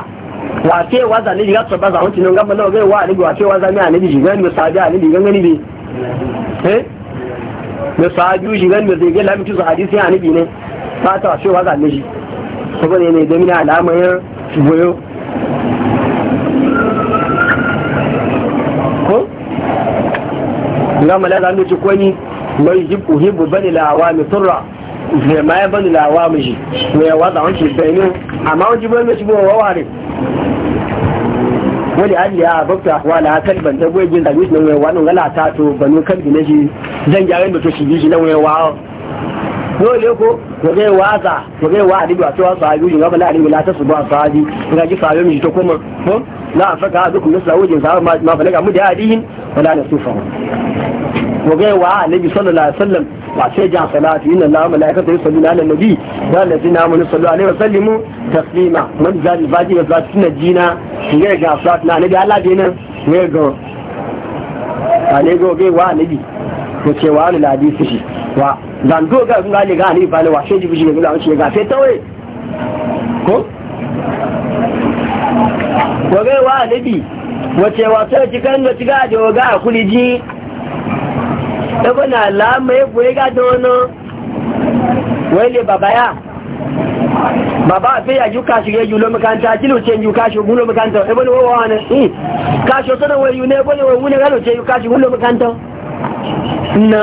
wace waza ne diga tsaba za huncin nan gaba na wagai wa alibi wace waza ne alibi shiga ne sabi alibi gangani ne eh da sabi shiga ne zai gela mutu su hadisi alibi ne ta wace waza ne shi saboda ne da mina alamar goyo ngama la zamu ci kwani mai hibu hibu bani la mi turra ne mai bani la wa mi ne ya da wanki bayinu amma wanki bani shi bo waware wani an ya bakta wala ban da goyi da yusuf ne wani ngala ta to banu kalbi ne shi zan gyaran da to shi shi wani wai dole ko ko zai waza ko zai wa adibi a cewa sahabi yin gaba la'ani wala ta su ba sahabi ga ji sahabi mi to kuma ko la afaka duk musu wajin sahabi ma daga mu da adihin wala na sufa ko zai wa annabi sallallahu alaihi wasallam wa sai ja salati inna allaha malaikata yusalluna ala nabi da allazina amanu sallu alaihi wasallimu taslima man zali baji wa zatina jina ga ga salat na nabi Allah dinan ne ga ale go ge wa nabi ko ce wa alal hadisi shi wa zango ga kun gane ga ni bale wa shi biji ne ga shi ga ko ko ga wa wace kan da ga da e e ga da la ga wele baba ya baba ya shi lo e ne ka to ne e ne ga lo ce yuka shi na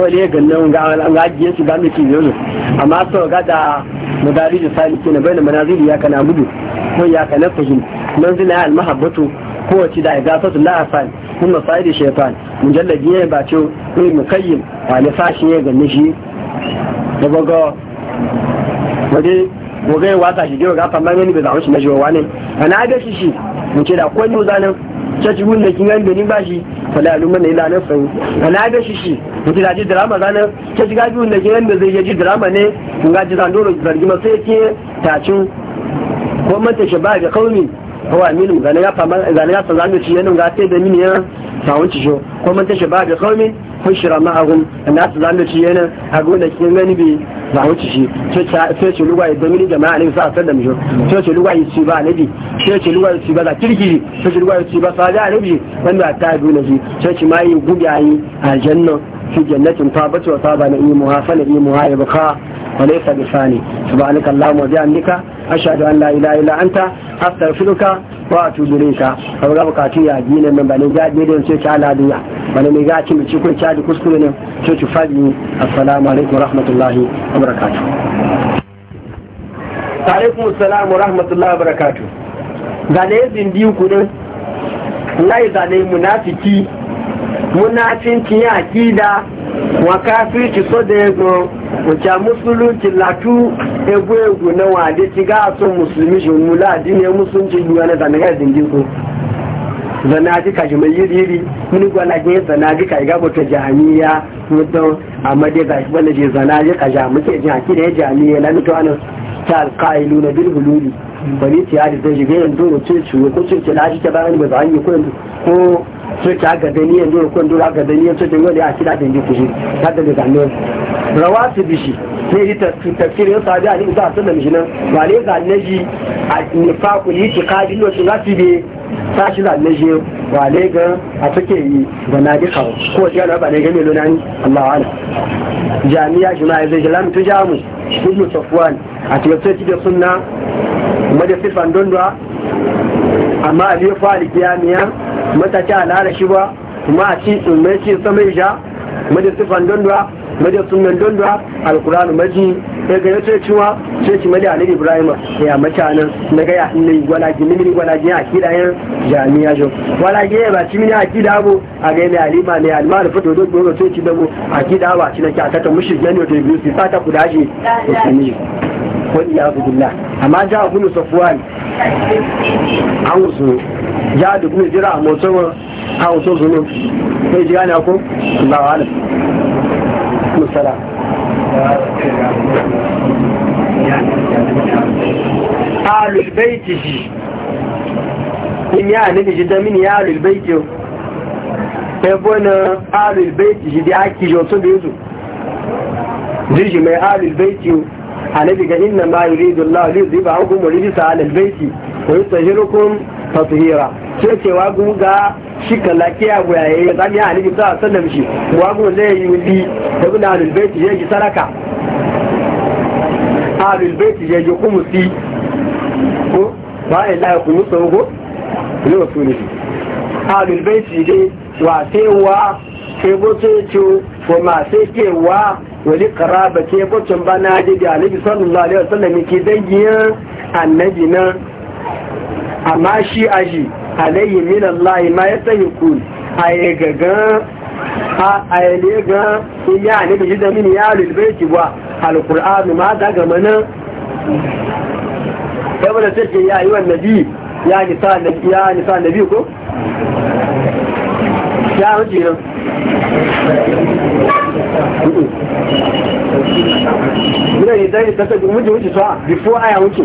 wale gannan ga ajiye su ga mace yanzu amma so ga da madari da saliki na bayan manazili ya kana mudu ko ya kana fahim manzila al mahabbatu ko wace da igasatu la afan mun masaidi shaytan mujalladi ya ba ce ko mukayyim ne sashi ya ganna shi da bago wade wage wasa shi ga fa mangani bai zamu shi na jiwa wani ana ga shi shi mu ce da ko ni zanin caci hunna kin yan ni ba shi fala alumma ne ila nafsu ana ga shi shi mutu da ji drama zana caci ga hunna kin da zai ji drama ne kun ga ji zandoro zargi ma sai ke tacin ko mata shabab ya kauni hawa min zana ya fama zana ya san zanu ci yanin ga sai da mini ya sawun ci ko man tashi ba bi qaumin hushira ma'ahum annas zan ci yana hago da kin gani bi sawun ci shi sai ce lugwa da mini jama'a ne sa sallam shi sai ce lugwa yi ba nabi sai ce lugwa yi ba za kirki sai ce lugwa yi ba sa da nabi wanda ta dole shi sai ce mai gubi ayi aljanna في جنة طابت وطاب نعيمها فنعيمها يبقى وليس بثاني سبحانك اللهم وبحمدك أشهد أن لا إله إلا أنت أستغفرك وأتوب إليك فبقى بقاتي يا دين من بني جاد ميدين سيك على دنيا بني ميغاتي من شكو تشاد كسكولين سيك فادي السلام عليكم ورحمة الله وبركاته عليكم السلام ورحمة الله وبركاته zane zin biyu kudin lai zane munafiki munafinci ya akida wa kafirci so da ego wuce musulunci latu ego ego na wade ci ga so musulmi shi mula dine musulunci yiwa na zanaga ku. ko zanaji ka shi mai yiri yiri mini gwana ke aji ka ga bata jami'a mutum amma dai ga shi wanda je zanaji ka ja ke jaki da ya jami'a na mutu ana ta alƙa'ilu na bilhululi bari ta yari zai shiga yanzu da ce ciwo ko ce ce na shi ta bayan za a yi ko ce a ga dani yanzu ko yanzu ga dani yanzu da wani ya kira da yanzu shi ta da daga nan rawa su bi shi ne yi tafsir yau sabi a nisa sun da mishi nan ba ne za zanne shi a nifaku yi ci kadi lo shi za su be ta shi zanne shi ba ne ga a suke yi da na ji kawo ko shi yana ba ne ga melo ni Allah wa'ala jami'a shi ma ya zai shi lamtu jamus ibnu safwan a cikin sai da sunna mada sifan don duwa amma a biyu fali kiyamiya mata ci al'ada shi ba kuma a ci mai ci samai sha mada sifan don duwa mada sunan don duwa alkuranu maji ya ga yace cewa sai ci mada alir ibrahim ya mata nan na ga ya ne gwala ji mini gwala ji akida yan jami'a jo gwala ji ba ci mini akida bo a ga ne alima ne alima da fito da go sai ci da bo akida ba ci na kyata ta mushi ne to biyu sai ta kudaje to wani ya billah amma ja bunu safwan an su ja da kuma jira a motsin an so zunu sai ji gane ko Allahu alim musala alul baiti shi in ya nabi ji da min ya alul baiti ebe na alul baiti shi da ake jotu da yuzu jirgi mai alul baiti annabi ga inna ma yuridu Allah li yuziba ankum rijsa ala albayti wa yutahhirukum tatheera ce ce wa gu ga shi kalaki ya goya yayi zan ya annabi sallallahu alaihi wasallam shi wa gu yi wudi da bin ala albayti ya ji saraka ala albayti ya ji kumusi ko ba ila ku kumusa go ne wasu ne ala albayti je wa sai wa sai bo ce ce ko ma sai ke wa wani karaba ce bacin ba na haji da alibi sallallahu alaihi wasallam ke dangi annabi nan amma shi aji alayhi min Allah ma ya tsaye ku a yi gagan a yi in ya ne da da mini ya lulbe ki ba alkur'anu ma ta gama nan yabo da take ya yi wannan nabi ya nisa nabi ya nisa nabi ko ya wuce gidan idan ita da wuce wuce sa before aya wuce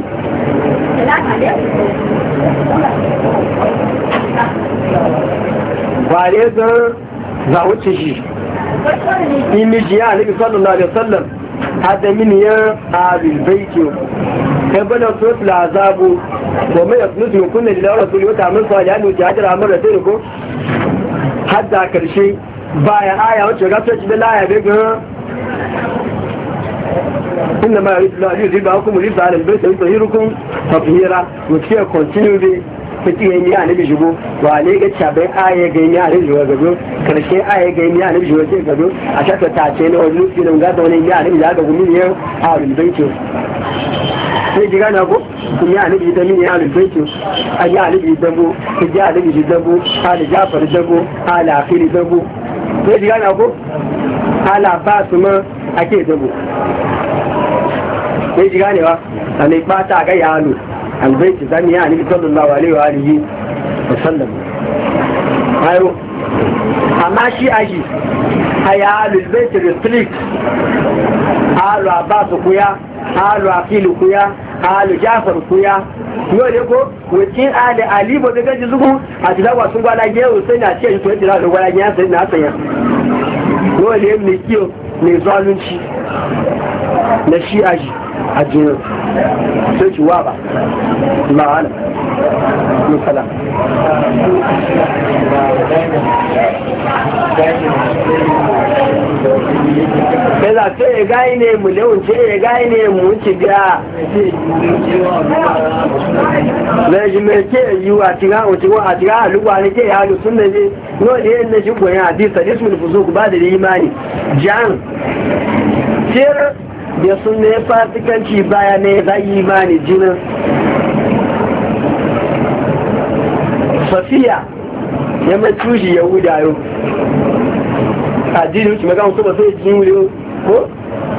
ba ne zan za wuce shi imiji ya alibi sallallahu alaihi wasallam hada min ya abil baiti kai bana suratul lazabu ko mai yasnutu min kunna lillahi rasuli wa ta'amul salihan wa da amara sai ko hadda karshe bayan aya wacce ga ta ci da laya bai ga inda ma yuridu Allah yuridu ba hukumu hukum yuridu ala albayt yutahhirukum tatheera which here continue ta fiti yayin ya nabi shigo wa ne ga tabai aya ga ya nabi shigo gado karshe aya ga ya nabi shigo ce gado a shaka ta ce ne wani fi da ga da wani ya nabi ya ga gumi ne a albayt sai ji gana ko kun ya nabi da min ya albayt a ya nabi dabo ya nabi dabo ala jafar dabo ala akhiri dabo ne jiga na ko ala ba su ma ake dabo ne jiga ne a ne bata ga yalo albaiti zami ya ni sallallahu alaihi wa alihi wa sallam ayo amma shi aji a yalo albaiti restrict alu abasu kuya alu akilu kuya alu jafar kuya yau ne ko wakin ali ali ba daga ji zugu a jira wasu sun gwada sai na ce to jira da gwada gewu sai na sanya yau ne mai kiyo mai zalunci na shi aji a jinin sai ci waba ma'ana misala Thank you. ka ce ya eh, gani ne mu leun ce ya eh, gani ne mu ci ga na ji me ke yi wa ci ga ci wa ci ga lu wa ne ke yi lu sun ne no ne ne ji go ya di sa jismu fu zo ba da imani jan sir ya sun ne fatikanci baya ne za da imani jinan safiya ya mai tushi yahudayo addini wuce magana kuma sai jiwuri ko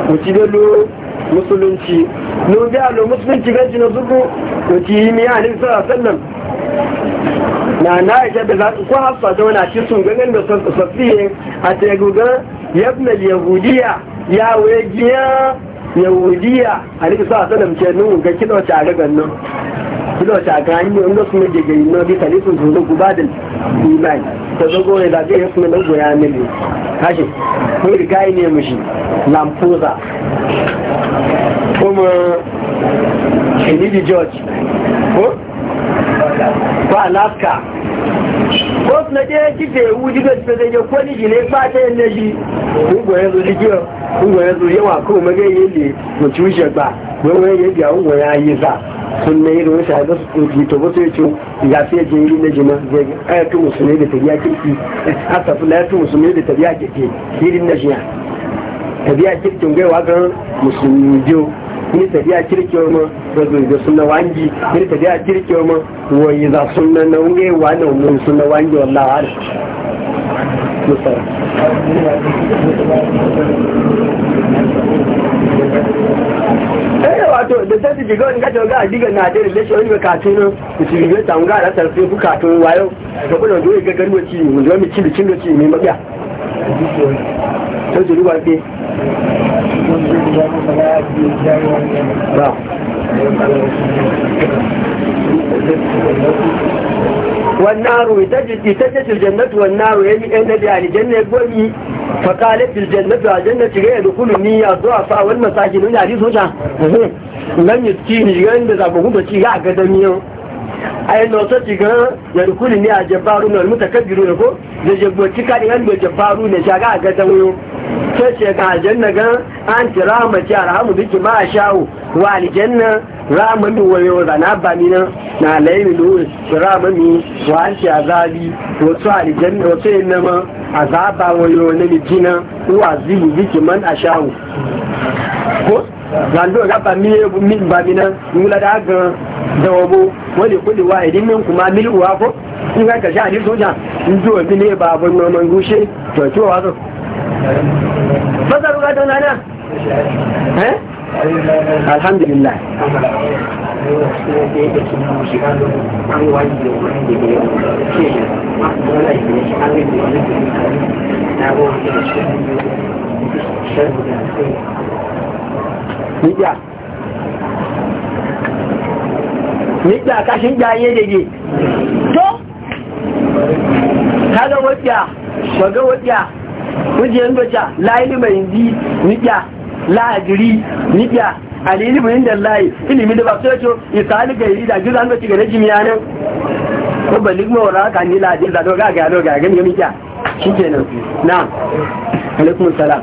wuce da lo musulunci nun ga lo musulunci ganci na zuru wuce yi miya ne sa sallam na na ita da zaɓi ko hasa da wani ake sun ganin da safiye a tegugan yabna yahudiya ya wajiya yahudiya a nufi sa sanar ke nun ga kiɗa wace a nan kiɗa wace ga kan yi wanda suna daga yi bisa nufin guba da imani ta zago ne da zai suna nan goya mili kashi kuma da kayi ne mushi lampoza kuma kennedy george ko ko alaska ko na ɗaya kife yahudi ga su zai ko ni ne ba ta yin na shi ngwa ya zo yawa ko maga yi ne mace wuce ba gwamna ya biya ngwa ya yi za sun na yi da ya haɗa su ɗauki to wasu ya ce ya fi ya yi na jima ya fi musulmi da tafiya kirki a tafi na ya fi musulmi da tafiya kirki irin na jiya tafiya kirkin gaiwa ga musulmi biyu ni tafiya kirki ma da zurga suna wangi ni tafiya kirki ma wai za suna na wunge wa na mun suna wangi wallahi عليكم eh, wato da sai su jiga wani na wani mu والنار تجد الجنة والنار ينبي على الجنة قومي فقالت الجنة على الجنة غير دخول النية الضعفاء والمساكين من عزيز وجه لم يسكين جنة زبقون بشيء قدميون ayi lo so ti gan ya rukuni ni ajabaru na mutakabiru ne ko da jabbo tika ni an jabaru ne shaga ga dan yo sai ce ga janna ga an tirama ti arhamu biki ma sha'u wa aljanna raman da wayo da na ba ni na na laimi lu raman mi wa an ti azabi to so janna to ce ne ma azaba wayo ne mi jina wa zibu biki man asha'u ko zando ga ba miye min ba mina ngula da ga dawabo wani kudi wa idin min kuma mil milwa ko in ga ka sha ni soja in zo mi ne ba ban noman gushe to to wa zo fasaru ga dona na eh alhamdulillah Thank you. nígbà nígbà káṣí ń gbà ayé dèdè tó kaga wata shaga wata kujiyar wata la'ili mai zi nígbà la'adiri nígbà alili mai inda layi ilimi da ba su yato isali ga yi la'adiri gani kenan na alaikun salam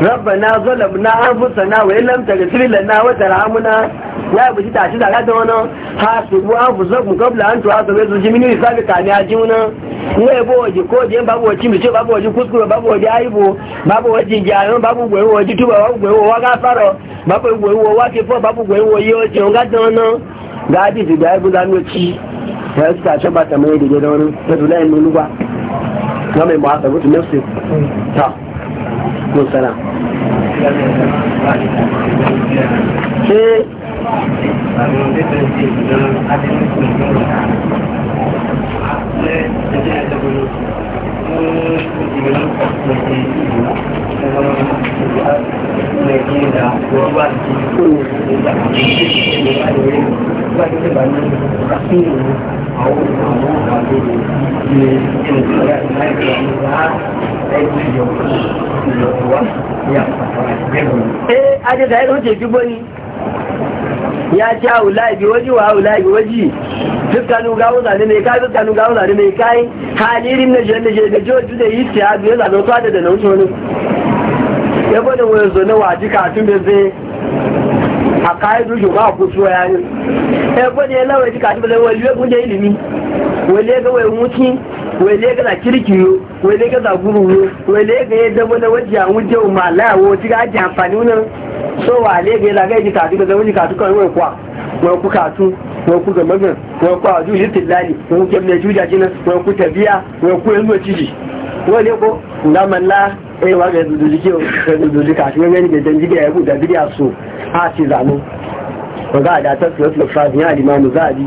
rabbana zalamna anfusana wa illam taghfir lana wa tarhamna ya buji ta shi daga da wani hasibu anfusakum qabla an tuhasabu yanzu jimini hisabi ka ne ajuna ne bo waje ko je babu waje mi ce babu waje kuskure babu waje aibo babu waje gyaran babu gwewo waje tuba babu gwewo wa gafaro babu gwewo wa ke fo babu gwewo yo ce ga da wani ga hadisi da aibo da noci ya suka ce ba ta mai da gidan wani ta dulayin nuluba na mai ma'asa mutu nafsi ta kò sẹ́là. ṣé Thank you. eh aje da yaro ce jibo ni ya ci haula bi waji wa haula bi waji dukkanu ga wuza ne mai kai dukkanu ga ne mai kai halirin na jelle je da joju da yi ta biyo da no tsada da nauce wani ya bane wayo zo waji ka tun zai a kai du shugaba ko so yayin ebo ne lawa ji kashi bala wali ku da ilimi wali ga wai mutu wali ga na kirkiyo wali ga za gururu wali ga ya dabo na waje an wuje ma lawo ji ga ji amfani wannan so wali ga la ga ji kashi bala wani kashi kan wai kwa wai ku kasu wai ku gama gan wai ku aju yi tilali wai ku kemne juja jina wai ku tabiya wai ku yanzu ciji wani ko ngaman la eh wa ga dudu jike ga dudu jika shi wani ga dan jike ya buda bidiya so a ci zanu wanda a datar su yadda fa biya limam zabi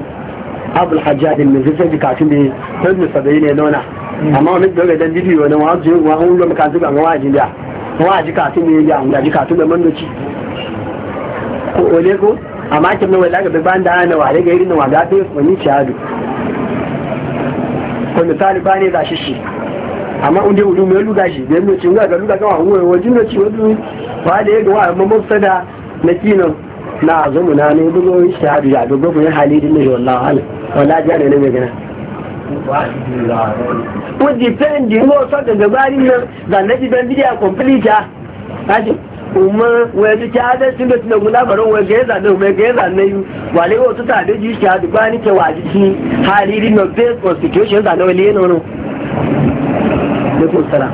abul hajjaj ne zai sai ka tunde kun ne sabai ne nona amma wani dole dan bidiyo ne wa je wa hulu maka zuba ga waji da waji ka tunde ya ga ji ka tunde mandoci ko ole ko amma kin ne wala ga ban da ana wale ga irin wanda ta wani shadu ko ne talibani da shishi amma unde ulu me ulu gashi dan ne cin ga ga ga wa hu wa jinna ci wa du wa da ga wa mamusta da na azumu na ne bugo shahadu ya dogo ko hali din ne wallahi hal wala ja ne ne gana ko depend yin o so da gabari nan da na ji ban bidiya complete kuma wani ta da sun da tuna gula ga da ga na yi wale o to ta da ji shahadu ba ni ke waji shi hali din no base constitution da ne no ne ko salam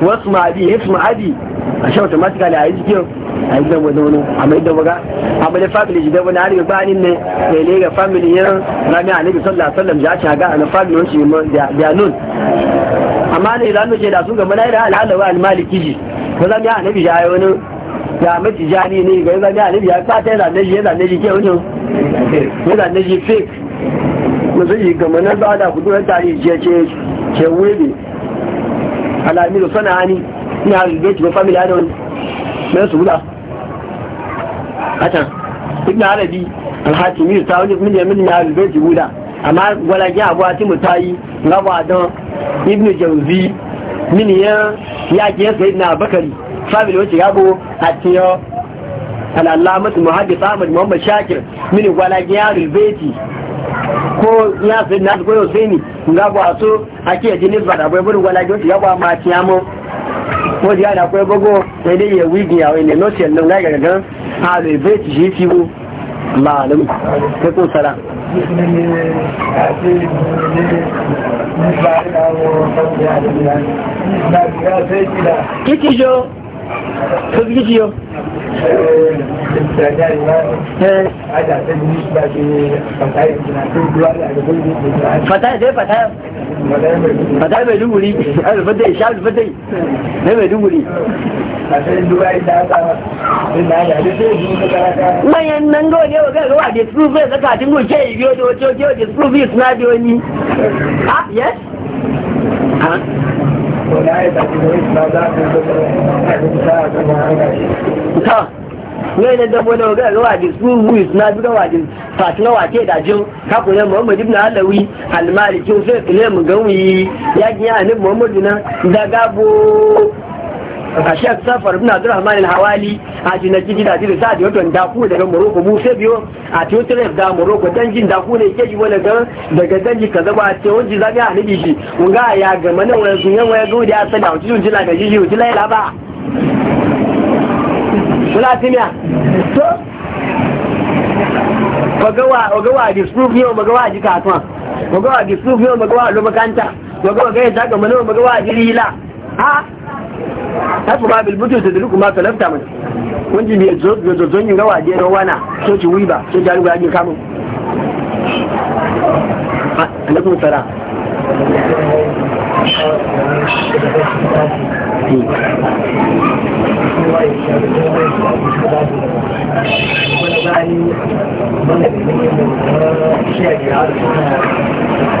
wasu ma'adi ya hifs ma'adi a shan automatically a yi jikin a yi zama da a mai da a mai da family ji da na hari ba ne da ile ga family yin rami a nabi sallah sallam ya ci haga a na family wani shi da nun amma ne da da zan yi wani ya mace ne ga zan ya nabi ya ta da shi yana da ke da shi fake da ce wuri alamiru sana'ani ina harbe ci ba family ana wani mai su guda hatan ibn arabi alhatimi ta wani min yamin na harbe ci guda amma gwalage abu ati mutayi gaba don ibn jauzi min ya yaki ya sayi na bakari family ya gabo a tiyo al'allamatu muhaddis ahmad muhammad shakir min gwalage ya harbe ci ko ya fi na ko yau sai ni nga ba a ake ji ni ba da bai buru wala jo ya ba ma ti amo ko ji na ko bogo sai dai ya wigi ya wani no sai nan ga ga ha le be ti ji ti ko ko sala jo tó ti jíjí wa gaga wa disprove ya zaka ta wai na dabo da waga gawa da su na bi gawa da fatina wace da jin kakunan muhammad ibn alawi almalikin sai kule mu gawi ya a anib muhammadu na daga a shek safar ibn abdurrahman al-hawali a jina jira sa da wato daga morocco mu sai biyo a tutar da morocco dan jin da ne ke yi wani daga danji kaza ba a wani zabi a nabi shi mun ga ya gama mana wani sunan waya go da sai da ga wani la ba kula timiya to magawa disprove yau magawa ji kasuwa magawa disprove yau magawa lo makanta ga ya daga mana magawa jiri ha hasu ba bilbutu su duluku ma salafta mun kun ji biyar zozzon yin gawa jero wana so ci wiba so ci alugu ajin kamun ah, alaikum sara Thank hmm. you.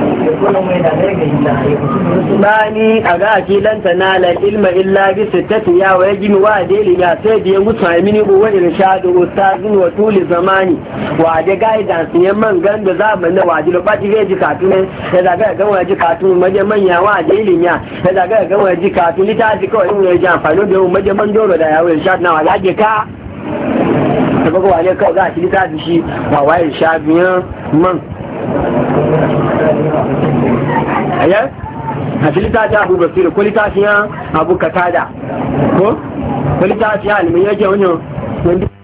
bani a ga ake lanta na la ilma illa bi sittati ya wa yajmi wa deli ya sai biye mutu mini uwa irshadu ustazin wa tuli zamani wa da guidance ya man da zamani na waji lokaci ga ji ne ya da ga wa ji katun maje ya wa deli ya ya da ga wa ji ni ta ji ko in ya ji amfani da maje man doro da ya wa irshadu na wa ya ka ta ga wa ne kawai ga shi ji shi wa wa irshadu man ayar a shi abu basiru ko littafi abu katada ko ko littafi almin yake wani